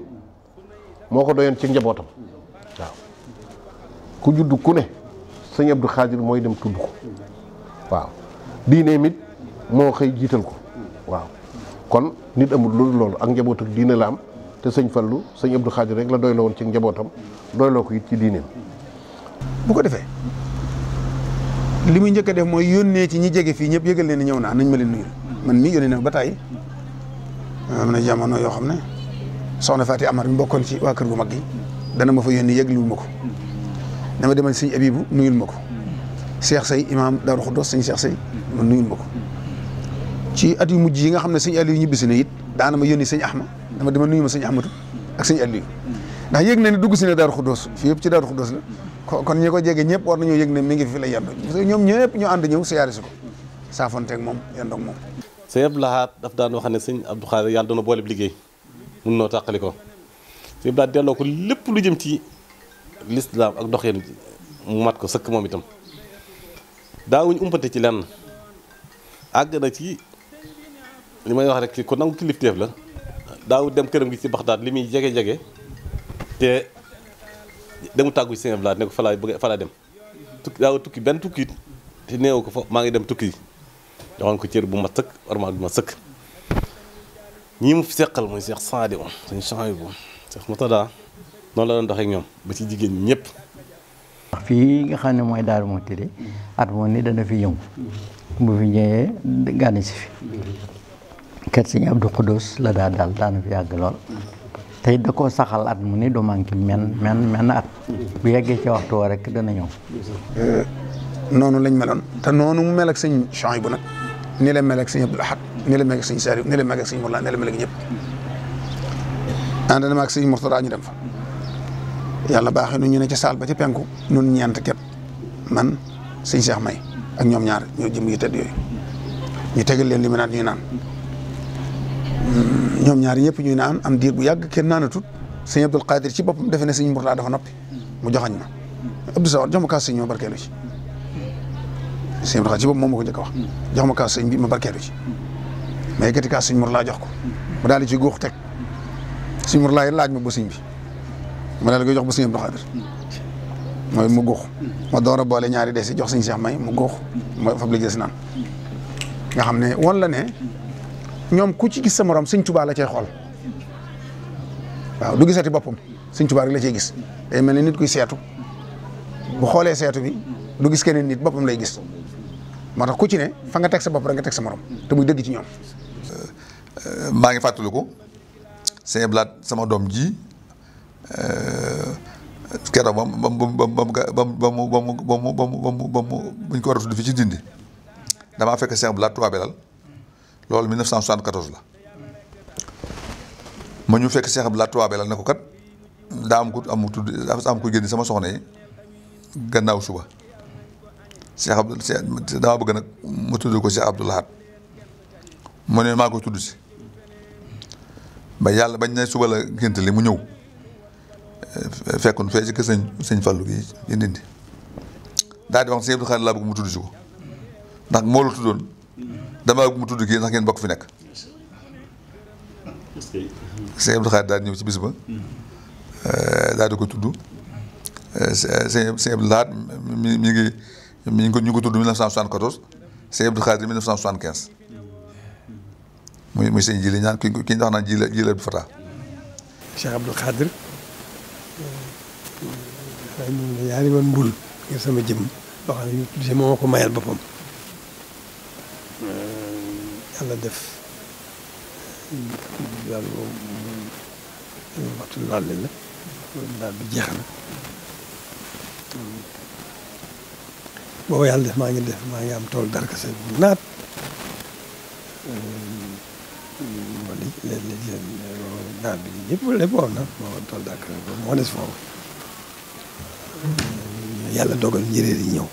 moo ko doyoon ci njabootam waaw ku judd ku ne sëñ Abdou Khadir mooy dem tudd ko waaw diineem it moo xëy jiital ko waaw. kon nit amul loolu loolu ak njaboot ak diine la am te sëñ Fallu sëñ Abdou Khadir rek la doyloo woon ci njabootam doyloo ko it ci diineem. bu ko defee li muy njëkk def mooy yónnee ci ñi jege fii ñëpp yëgal leen ni ñëw naa nañ ma leen man mii yónnee na ba tàyyi am na jamono yoo xam ne soxna Faati Amar mi bokkoon ci waa kër gu mag gi dana ma fa yónnee yëgluwul ma ko dama demal sëñ Abibu nuyul ma ko Cheikh Sey imaam Daaru Xuddos sëñ Cheikh Sey ma nuyul ma ci at yu mujj yi nga xam ne sëñ Aliou ñibbisi na it daana ma yónni sëñ Axma dama dama nuyu ma sëñ Axmadu ak sëñ Aliou ndax yëg na ne dugg si ne Daaru Xuddoos fii yëpp ci Daaru Xuddoos la kon ñi ko jege ñëpp war nañoo yëg ne mi ngi fi la yendu parce que ñoom ñëpp moom yendoog moom sëñ Abdou Lahad daf daan ne sëñ Abdou Khadre yàlla doona boole liggéey mun noo tàqali ko sëñ Abdou Lahad delloo ko lépp lu jëm ci lislaam ak doxeen mu mat ko sëkk moom itam daawuñ umpante ci lenn àgg ci li may wax rek ku nangu kilifteef la daaw dem këram gi ci Baxdaad li muy jege jege te demu tàggu si Sëñ ne ko fa laay bëgg fa dem tukki daaw tukki benn tukki te néew ko fa maa ngi dem tukki yi ko cër bu ma sëkk warmaa bu ma sëkk ñi mu seqal mooy Cheikh Sadio suñu champs yi bu Cheikh Moutada noonu la doon doxee ñoom ba ci jigéen ñi ñëpp. fii nga xam ne mooy Darou Mouhty at moom ni dana fi yëngu bu fi ñëwee gànn fi. si sëñ Abdou Khoudous la daa daal daana fi yàgg lool te it da koo saxal at mu ni du manqué men men men at bu yeggee ci waxtu woo rek dana ñëw euh, noonu lañ meloon te noonu mu mel ak sëñ Chouaïbou nag ni la mel sëñ Abdoul Ahad ni la mel ak sëñ Sarif ni la mel ak sëñ Mourlan ni la mel ak ñëpp ànd na ak sëñ Mourtada ñu dem fa yàlla baax nu ñu ne ca saal ba ca penku nun ñeent ket man sëñ Cheikh May ak ñoom ñaar ñoo jëm yu tedd yooyu ñu tegal leen li mu naan ñuy naan ñoom ñaari ñëpp ñuy naan am diir bu yàgg kenn naanatut sëñ Abdul Qadir ci boppam defe ne sëñ Mourtada dafa noppi mu joxañ ma Abdou Sawad jox ma kaas sëñ ma barkeelu ci Abdul Qadir moom ma ko njëkk jox ma kaas sëñ bi ma barkeelu ci ma yëkkati kaas sëñ Mourtada jox ko mu daal di ci góox teg sëñ Mourtada laaj ma ba sëñ bi ma daal di koy jox ba sëñ Abdul Qadir mooy mu góox ma door a boole ñaari si jox sëñ Cheikh may mu góox mooy fab la jël si naan nga xam ne wala ne ñoom ku ci gis sa morom sëñ Tuubaa la cay xool waaw du gisati boppam sëñ Tuubaa rek la cay gis day mel ni nit kuy seetu bu xoolee seetu bi du gis keneen nit boppam lay gis moo tax ku ci ne fa nga teg sa bopp rek nga teg sa morom te muy dëgg ci ñoom. maa ngi fàttaliku sëñ Blaat sama doom ji keroog ba mu ba mu ba mu ba mu ba mu ba mu ba mu ba mu buñ ko war a tudd fii ci dindi damaa fekk sëñ Blaat tubaabelal loolu 1974 la ma ñu fekk Cheikh abdou Touba la nako kat da am ku am tudd am ku génn sama soxna yi gannaaw suba Cheikh Abdou Cheikh da bëgg nak mu tuddu ko Cheikh Abdou Lahad mo ne mako tuddu ci ba yàlla bañ ne suba la gént li mu ñëw fekkun fe ci kër sëñ sëñ Fallou gi indi indi daal di wax sëñ Abdou khadir la bëgg mu tuddu ci ko ndax mo la tuddoon. damaa mu tudd kii ndax ngeen bokk fi nekk. sëñ Abdou Khadre daal ñëw ci bis eh, daal di ko tudd. Eh, sëñ sëñ Abdou Lahad mi ngi mi ko ñu ngi ko tudd muy muy sëñ Jili ñaan ki ki ñu wax naan Jili Jili Abdou Fatah. Cheikh Abdou Khadre. Eh, mbul ngir sama jëm boo xam ko mayal boppam. yàlla def daal waxtu laal la daal bi jeex na booba yàlla def maa ngi def maa ngi am tool darkase bu naat wala léeg-léeg naat bi ñëpp lépp woon na booba tool darkase moo des foofu yàlla dogal njëréer yi ñëw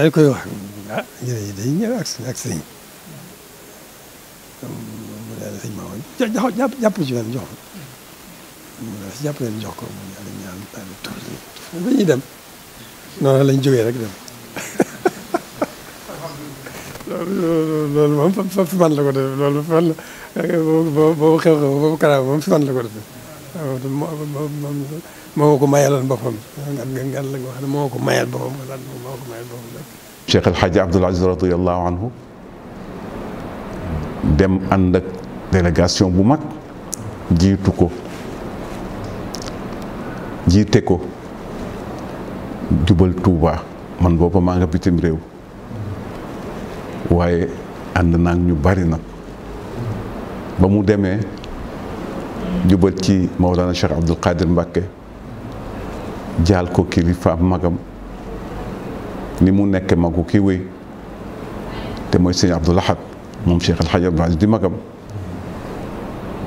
daal di koy wax ah ñeneen ñi dañuy ñëw ak ak sëñ mu daal sëñ ma woon jàpp jàpp ci leen jox ko mu daal si jàpp leen jox ko mu daal di ñaan daal di tuuti ba ñuy dem noonu lañ jógee rek dem loolu loolu moom fa fi man la ko defee loolu fan la boobu xew-xew boobu karaw moom fi man la ko defee moom moo ko mayaloon boppam ngal la goo xam ne moo ko mayal boppam galaat moom moo ko mayal boppam rek. Cheikh El Hadj Abdoul Aziz radiyallahu anhu dem ànd ak délégation bu mag jiitu ko jiite ko jubal Touba man booba maa nga bitim réew waaye ànd naa ñu bari nag ba mu demee jubal ci Mawlana Cheikh Abdoul Qadir Mbacké jaal ko kilifaam magam ni mu nekke magu ki wéy te mooy sëñ Abdou Lahad moom Cheikh El Hadj di magam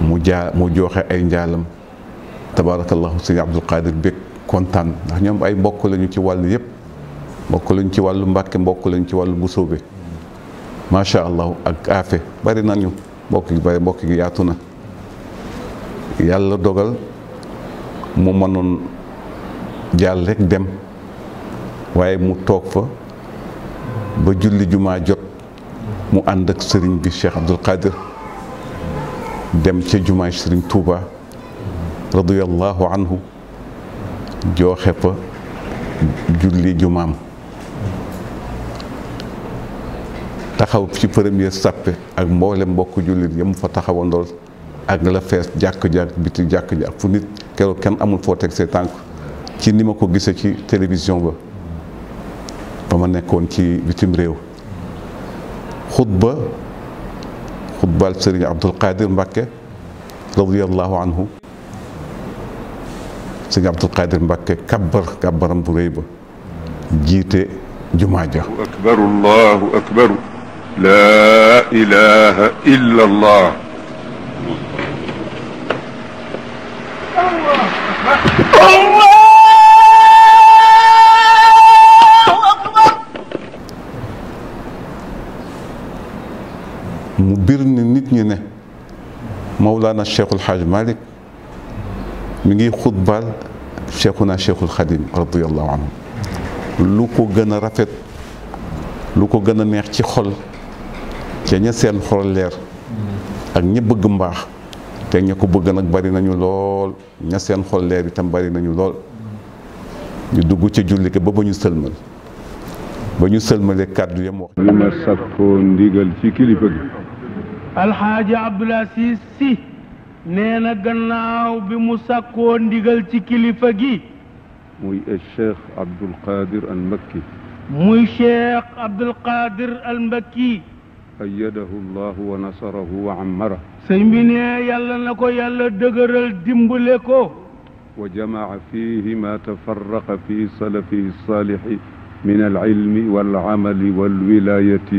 mu jaa mu joxe ay njaalam tabaarakallahu sëñ Abdul Qadir bég kontaan ndax ñoom ay mbokk lañu ci wàll yépp mbokk lañu ci wàllu Mbàkke mbokk lañu ci wàllu Busoobe macha allah ak afe bari nañu mbokk gi bari mbokk gi yaatu na yàlla dogal mu mënoon jàll rek dem waaye mu toog fa ba julli jumaa jot mu ànd ak sëriñ bi Cheikh Abdul Qadir dem ca jumaay sëriñ tuuba radiyallahu anhu jooxe fa julli jumaam taxaw ci premier sàppe ak mboole mbokk jullit yam fa taxawandool ak la fees jàkk jàkk biti jàkk ji ak fu nit kenn amul foo teg see tànk ci ni ma ko gisee ci télévision ba ba ma nekkoon ci bitim réew xutba xutbaal sëriñ Abdul Qadir Mbacke radiyallahu anhu sëriñ Abdul Qadir Mbacke kabbar kabbaram bu réy ba jiite jumaa ja akbar allahu akbar la ilaha illa allah ñu ne Mawlana Cheikhul Hadj Malick mi ngi xutbal Cheikhuna Cheikhul Khadim radiyallahu anhu lu ko gën a rafet lu ko gën a neex ci xol ca ña seen xol leer ak ña bëgg mbaax te ña ko bëgg nag bari nañu lool ña seen xol leer itam bari nañu lool ñu dugg ci julli ba ba ñu sëlmal ba ñu sëlmalee kàddu yam wax. li ma sàkkoo ndigal ci kilifa gi. الحاج عبد العزيز سي نينا غناو بمسكو ندغال سي كليفا جي موي الشيخ عبد القادر المكي موي الشيخ عبد القادر المكي أيده الله ونصره وعمره سيمبيني يالا نكو يالا دغرل ديمبليكو وجمع فيه ما تفرق في سلفه الصالح من العلم والعمل والولايه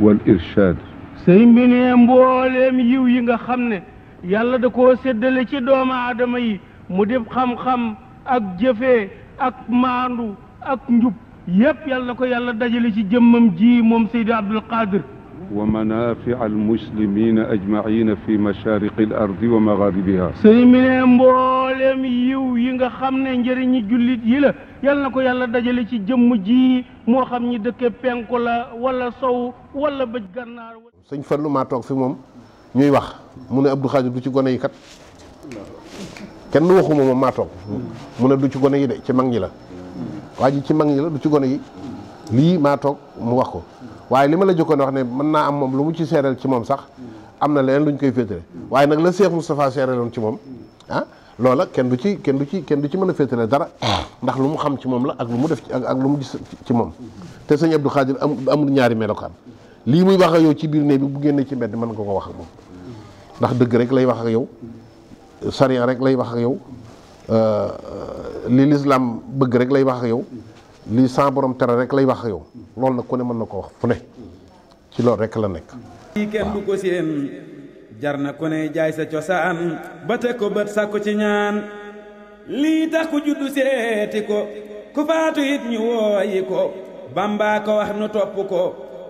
والارشاد sëriñ bi ne mbooleem yiw yi nga xam ne yàlla da koo séddale ci doomu aadama yi mu def xam-xam ak jëfee ak maandu ak njub yépp yàlla ko yàlla dajale ci jëmmam ji moom Seydi Abdul Qadir wa manaafi'a al-muslimiina ajma'iina fi mashaariqi al-ardi wa magharibihaa sëriñ bi ne mbooleem yiw yi nga xam ne njëriñi jullit yi la yal na ko yàlla dajale ci jëmm ji moo xam ñi dëkke penku la walla sow wala bëj gànnaar sëñ Fallu maa toog fi moom ñuy wax mu ne Abdou Khadir du ci gone yi kat kenn waxuma moom maa mu ne du ci gone yi de ci mag ñi la waa ji ci mag ñi la du ci gone yi lii maa toog mu wax ko waaye li ma la jëkkoon wax ne mën naa am moom lu mu ci seeral ci moom sax am na leen lu koy féetale waaye nag la Cheikh Moustapha seeraloon ci moom ah loola kenn du ci kenn du ci kenn du ci mën a féetale dara ah. ndax lu mu xam ci moom la ak lu mu def ci ak lu mu gis ci moom te sëñ Abdou Khadir amul ñaari melokaan lii muy wax a yow ci biir néeg bi bu génnee ci mbedd mën nga ko wax ak moom ndax dëgg rek lay wax ak yow sariya rek lay wax ak yow euh, li lislaam bëgg rek lay wax ak yow li sa borom tere rek lay wax ak yow loolu nag ku ne mën na koo wax fu ne ci loolu rek la nekk. jar na ku jaay sa cosaan ba te ko bët sàkku ci ñaan lii tax ku juddu seeti ko ku faatu it wooyi ko bambaa ko wax nu topp ko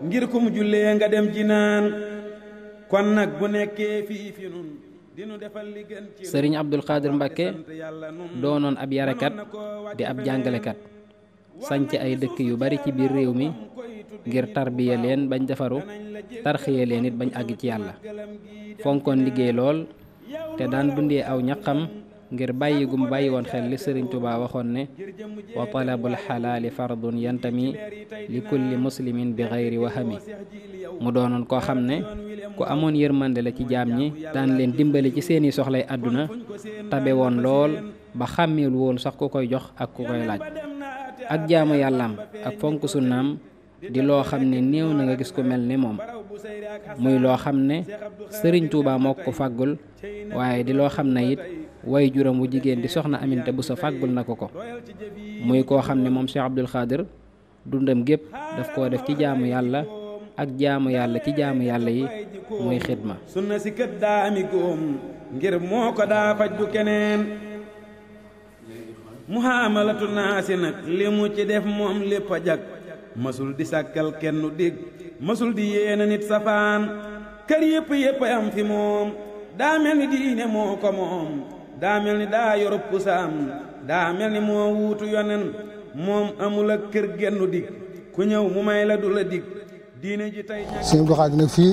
ngir ku mu jullee nga dem ji naan kon nag bu nekkee fii fi nun sëriñ Abdul Xaadir Mbàkke doonoon ab yarekat di ab jàngalekat sanc ay dëkk yu bari ci biir réew mi ngir tarbiya leen bañ defaru tarxiya leen it bañ àgg ci yàlla fonkoon liggéey lool te daan dundee aw ñaqam ngir bàyyi gum bàyyi woon xel li Sëriñ Tuubaa waxoon ne wa talabul xalaali fardun yantami li kulli muslimin bi xayri wahami mu doonoon koo xam ne ku amoon yërmande la ci jaam ñi daan leen dimbali ci seeni soxlay àdduna tabe woon lool ba xàmmeelu woon sax ku koy jox ak ku koy laaj ak jaamu yàllaam ak fonk sunnaam di loo xam ne néew na nga gis ku mel ni moom muy loo xam ne sëriñ Touba moo ko fàggul waaye di loo xam ne it way juram wu jigéen di soxna aminte bu sa fàggul na ko ko muy koo xam ne moom Cheikh Abdoul Khadir dundam gépp daf koo def ci jaamu yàlla ak jaamu yàlla ci jaamu yàlla yi muy xidma sunna muhaamalatu naasi nag li mu ci def moom lépp a jag masul di sàkkal kenn dégg masul di yéena nit safaan kër yépp yépp am fi moom daa mel ni diine moo ko moom daa mel ni daa yorub kusaam daa mel ni moo wuutu yonen moom amul ak kër gennu dig ku ñëw mu may la du la dig diine ji tey sëñ Abdou Khadre nag fii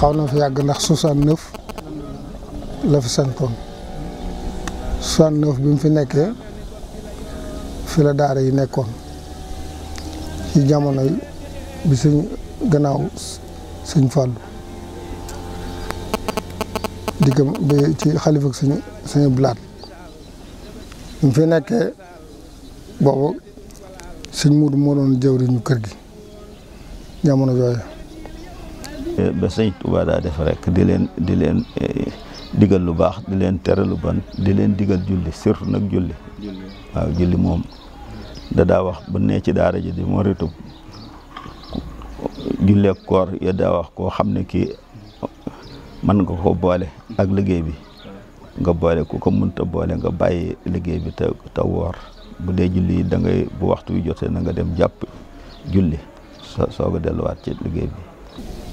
xaw na fi yàgg ndax 69 la fi santoon soixante-neuf bi mu fi nekkee fi daar yi nekkoon ci jamono yi bi sëñ gannaaw sëñ Fàllu diggam bi ci xalifa si suñu suñu blaat mu fi nekkee boobu sëñ mu moo doon jëwriñu kër gi jamono yooyu eh, ba sëñ Tuubaa daa def rek di leen di leen eh, digal lu baax di len tere lu ban di len digal julli sirr nak julli wa julli mom da da wax bu ne ci daara ji di retu julle koor ya da wax ko xamne ki man nga ko boole ak liggey bi nga boole ko ko munta boole nga baye liggey bi ta war wor bu de julli da ngay bu waxtu wi jotté nga dem japp julli soo soog a ci liggey bi.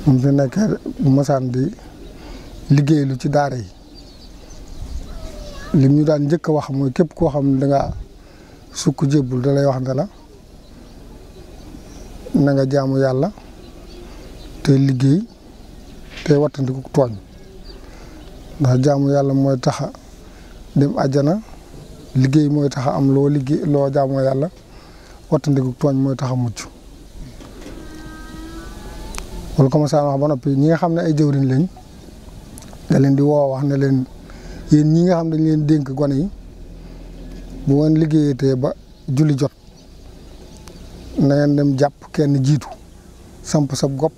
mu fi nekk san bi liggéeylu ci daara yi lim ñu daan njëkk wax mooy képp koo xam jamu da nga sukk jébbul da lay wax ne la na nga jaamu yàlla te liggéey te wattandiku tooñ ndax jaamu yàlla mooy taxa dem àjjana liggéey mooy taxa am loo liggéey loo jaamoo yàlla wattandiku tooñ mooy tax mucc wala commencé wax ba noppi ñi nga xam ne ay jëwriñ lañ dalen di wo wax na len yeen ñi nga xam dañ leen denk gone yi bu won liggéeyatee ba julli jot na ngeen dem japp kenn jitu samp sab gop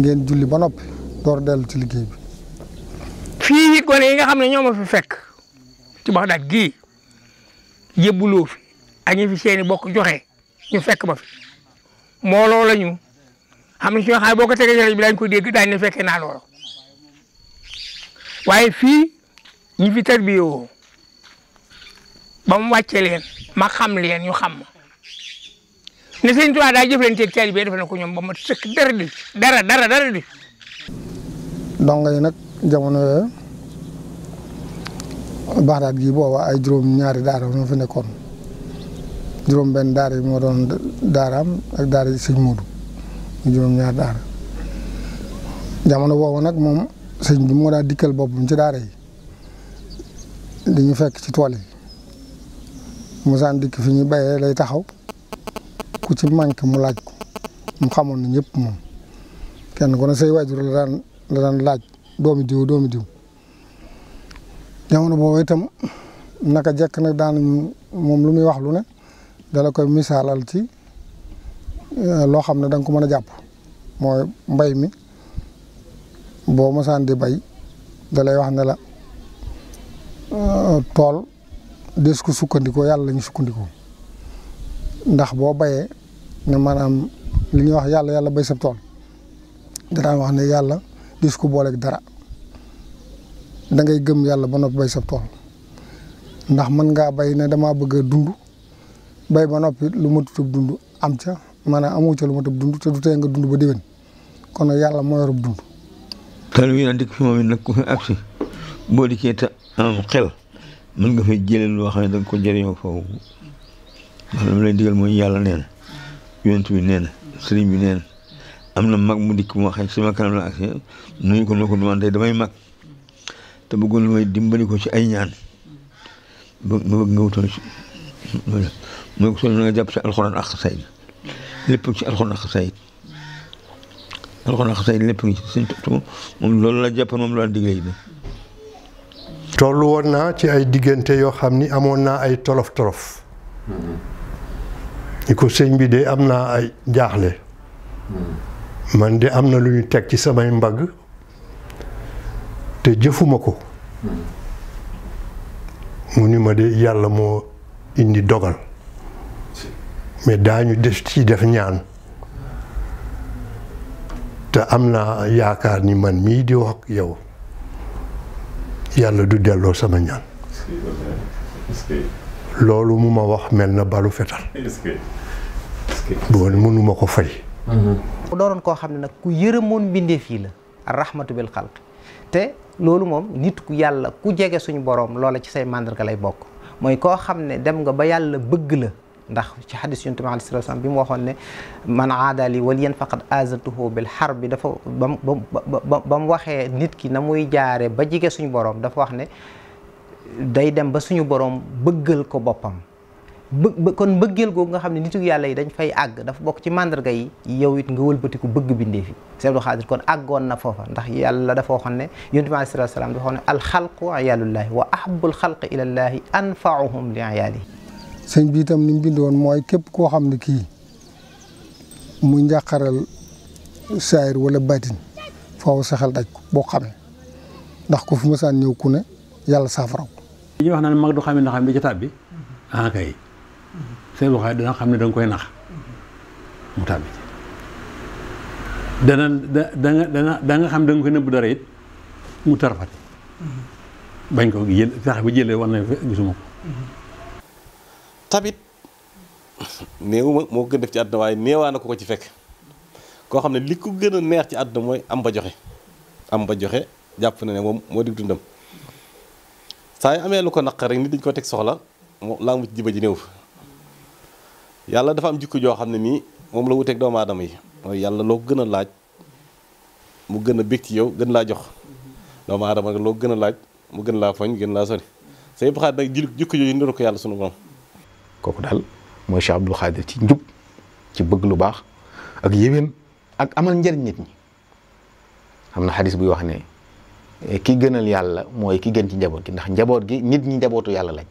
ngeen julli ba nopi dor dellu ci liggey bi. fii gone yi nga xam ne ñoo ma fi fekk ci daj gi yebulo fi ak ñi fi seeni bokk joxe ñu fekk ba fi mbooloo la ñu xam ne ci ñoo xam ne boo bi lañ ko deg dañ na fekke na lo waye fi ñi fi terbi yo ba mu wàcce leen ma xam len ñu xam ma ne sëñ Tuubaa daa jëflanteeg taalibe def na ko ñom ba ma sëkk dara di dara dara dara di dong ngay nak jamono yooyu baxdaat gi wa ay juroom ñaari daara ñoo fi nekkon juroom ben daara mo doon daaram ak daara yi sëñ Moodu juróom ñaari daara jamono wowo nak mom sëñ bi moo daa dikkal boppam ci daara yi dañu fekk ci tool yi mosaan dikk fi ñu bayee lay taxaw ku ci manqué mu laaj ko mu xamoon na ñëpp moom kenn ku ne say waajur la daan laaj doomi diw doomi diw jamono boobu itam naka jekk nag daan moom lu muy wax lu ne dala koy misaalal ci eh, loo xam ne da nga ko mën a jàpp mooy mbay mi boo mosaan di bay dalay wax na la euh, tol des ko sukkandikoo yalla la ñu sukkandikoo ndax bo baye ne manam li ñu wax yalla yalla bay tol da na wax ne yalla des ko booleeg dara da ngay gëm yalla ba nopp bay sa tol ndax man nga bay ne dama bëgg dundu bay ba nopp lu mu tutub dundu am ca maanaam amu ca lu mu tub dundu te du tee nga dundu ba déwén kono yalla mo yor dundu tal wi na dikk fi moom it nag ku fi agsi boo dikkee te am xel mën nga fay jëlee loo xam ne da nga ko jëriñoo foofu ndax li ma lay digal mooy yàlla nee na bi nee sëriñ bi nee am na mag mu dikk moo xam sama kanam la agsi nuyu ko noo damay mag te bëggoon lu dimbali ko ci ay ñaan ba nga bëgg nga wutoon ci loolu mooy ko soo na nga jàpp ci alxuraan ak xasaayid lépp ci alxuraan ak xasaayid alxuraan xasay lépp loolu la jàppoon moom la digle yi tollu woon naa ci ay diggante yoo xam ni amoon naa ay tolof tolof ni ko sëñ bi de am naa ay jaaxle man de am na lu ñu teg ci samay mbagg te jëfuma ko mu ni ma de yàlla moo indi dogal mais daañu def ci def ñaan te amna yaakar ni man mi di wax yow yalla du lo sama ñaan lolu mu ma wax mel balu fetal bon nu mako fay hmm doonoon koo xam ne nag ku yërëmoon binde fi la rahmatu bil khalq te lolu mom nit ku yalla ku jégué suñu borom lolu ci say mandarga lay bok moy ko xamne dem nga ba yalla bëgg la ndax ci hadith yunus ta'ala sallallahu alayhi wasallam bimu mu ne man aada li waliyan faqad azantuhu bil xar dafa bam ba mu waxee nit ki namuy muy jaare ba jige suñu borom dafa wax ne day dem ba suñu borom beugal ko bopam kon beugel go nga xam nitu yàlla yi dañ fay ag dafa bok ci màndarga yi yow it nga wëlbatiku beug bindé fi seydou khadir kon agon na fofa ndax yàlla dafa waxoon ne ta'ala sallallahu alayhi wasallam dafa waxoon al khalqu ayalullah wa ahbul khalqi ila allah anfa'uhum li ayalihi sëñ bi itam ni mu bind woon mooy képp koo xam ne kii mu njàqaral saayir wala batin faaw sa xel daj ko boo xamee ndax ko fu masaan ñëw ku ne yàlla saafara ko li ñuy wax naan mag du xamee na xam bi ci tab bi ah kay sëñ waxaay dana xam ne danga koy nax mu tàbbi ci dana danga dana da nga xam da nga koy nëbb dara it mu tarfati bañ ko jël sax bi jëlee war na gisuma ko tabit néewuma moo ko gën def ci àdduna waaye néewaa na ko ko ci fekk koo xam ne li ko gën a neex ci àdduna mooy am ba joxe am ba joxe jàpp na ne moom moo dig dundam saa yu amee lu ko naq rek nit dañ ko teg soxla moo laa mu ci jiba ji néew yàlla dafa am jikko joo xam ne nii moom la wuteeg doomu aadama yi mooy yàlla loo gën a laaj mu gën a bég ci yow gën laa jox doomu aadama loo gën a laaj mu gën laa foñ gën laa sori say baxaat nag jikko jooju niru ko yàlla sunu borom kooku daal mooy Cheikh Abdoul ci njub ci bëgg lu baax ak yéwén ak amal njariñ nit ñi xam na xadis buy wax ne eh, ki gënal yàlla mooy ki gën ci njaboot gi ndax njaboot gi nit ñi njabootu yàlla lañ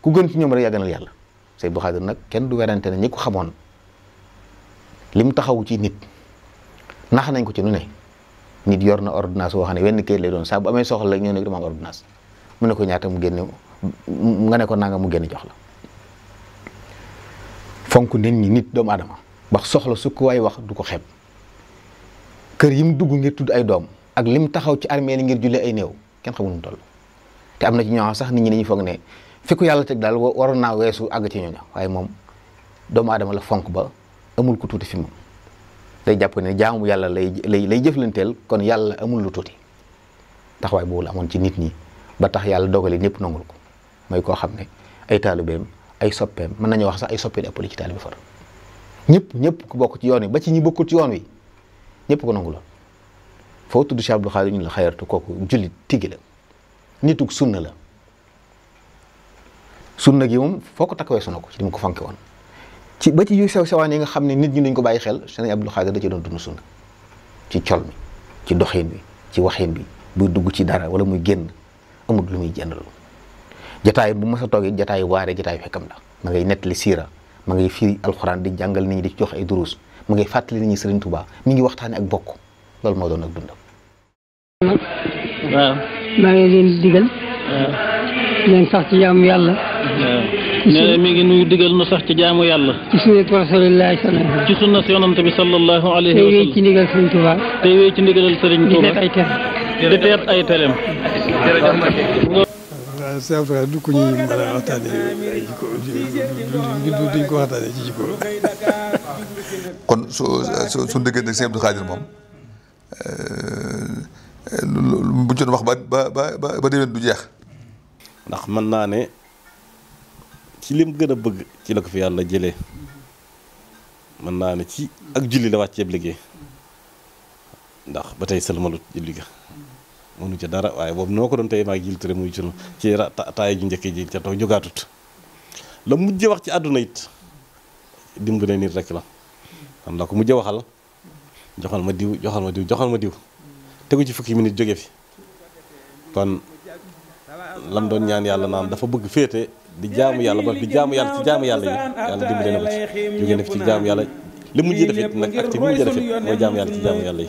ku gën ci ñoom rek yaa gënal yàlla Cheikh Abdoul nag kenn du werante ne ñi ko xamoon lim taxaw ci nit nax nañ ko ci nu ne nit yor na ordonnance woo xam ne wenn kër lay doon saa bu amee soxla la ñoo ne dama am mu ne ko ñaata mu génne nga ne ko nanga mu génne jox la fonk nit ñi nit doomu aadama ba soxla su ko waay wax du ko xeeb kër yi mu dugg ngir tudd ay doom ak lim taxaw ci armée li ngir julli ay néew kenn xamul mu toll te am na ci ñoo sax nit ñi dañuy foog ne fi yàlla teg daal waroon naa weesu àgg ci ñooñu waaye moom doomu aadama la fonk ba amul ku tuuti fi moom day jàpp ne jaamu yàlla lay lay lay jëflanteel kon yàlla amul lu tuuti taxawaay boobu la amoon ci nit ñi ba tax yàlla dogali ñëpp nangul ko mooy koo xam ne ay taalubeem ay soppeem mën nañu wax sax ay soppee di ëppale ci taalibe far ñëpp ñëpp ku bokk ci yoon wi ba ci ñi bokkul ci yoon wi ñëpp ko nangu la foo tudd ci Abdou Khadre ñu la xayartu kooku jullit tiggi la nitug sunna la sunna gi moom foo ko takkawee suna ko ci ni mu ko fanke woon ci ba ci yu sew sewaan yi nga xam ne nit ñi dañ ko bàyyi xel Serigne Abdou Khadre da ci doon dund sunna ci col mi ci doxiin bi ci waxin bi buy dugg ci dara wala muy génn amut lu muy jëndal jataay bu mës a toog jataay waare jataay fekkam la ma ngay nettali siira ma ngay firi alxuraan di jàngal nit di ci jox ay duruus ma ngay fàttali nit ñi Sëriñ Tuubaa mi ngi waxtaane ak bokk loolu moo ngi leen digal. ngeen sax ci jaamu yàlla. nee na mi ngi nuyu digal nu sax ci jaamu yàlla. ci sunnat rasulillahi sallallahu alayhi ci sunnat yonante ndigal Sëriñ Tuubaa. tey wéy ndigalal Sëriñ Tuubaa. ndax Cheikh Abdou ko ñuy mën kon su su suñu diggante ak Cheikh Abdou Khadre moom euh, buñ ci wax ba ba ba ba déwén du jeex. ndax mën naa ne ci lim gën a bëgg ci la ko fi yàlla jëlee mën naa ne ci ak julli la wàcceeb liggéey ndax ba tey sëlmalut julli ga mënu ca dara waaye boobu noo ko doon tey maa ngi jiltare muy sunu ci taay ju njëkk ji ca toog jógaatut la mujj wax ci àdduna it dimbale nit rek la xam la ko mujj waxal joxal ma diw joxal ma diw joxal ma diw tegu ci fukki minute jóge fi kon lam doon ñaan yàlla naan dafa bëgg féete di jaamu yàlla ba di jaamu yàlla ci jaamu yàlla yi yàlla dimbale ci jóge yàlla li mujjee def it nag ak ci mujjee def jaamu yàlla ci jaamu yàlla yi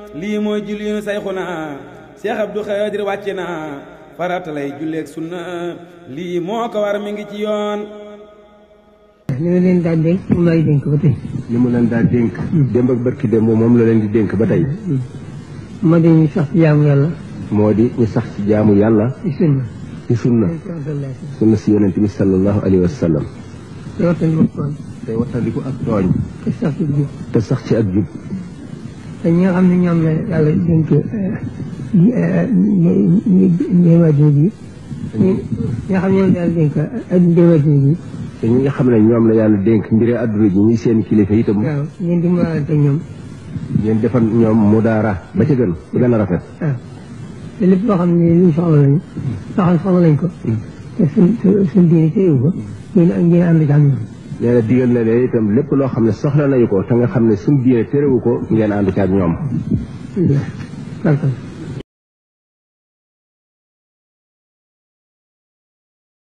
lii mooy julliinu sayxuna Cheikh Abdou Khadre wàcc na farata lay julleeg sunna lii moo ko war mi ngi ci yoon. ni ma leen daan dénk moom laay dénk ba tey. ni mu leen daan dénk. démb ak barki moom la leen di dénk ba tey. moo di ñu sax ci jaamu yàlla. moo di ñu sax ci jaamu yàlla. ci sunna. ci sunna. sunna si yonent bi sallallahu alayhi wa sallam. tey ak tooñ. te sax ci ak jub. te sax ci ak jub. te ñi nga xam ne ñoom la yàlla dénk ndéewaatee bi. ñi nga xam ne ñoom la yàlla dénk ak ndéewaatee bi. te ñi nga xam ne ñoom la yàlla dénk mbiri adduna ji ñuy seen kilifa itam. waaw ngeen di muraalante ñoom. ngeen defal ñoom mu daara ba ca gën ba gën a rafet. waaw te lépp loo xam ne luñ soxla lañ soxla soxla lañ ko. Mm. te suñ suñ diine téyewu ko ngeen ngeen ànd ci am ñoom. nee na digal na itam lépp loo xam ne soxla nañu ko te nga xam ne suñu diine térewu ko ngeen ànd ci ak ñoom.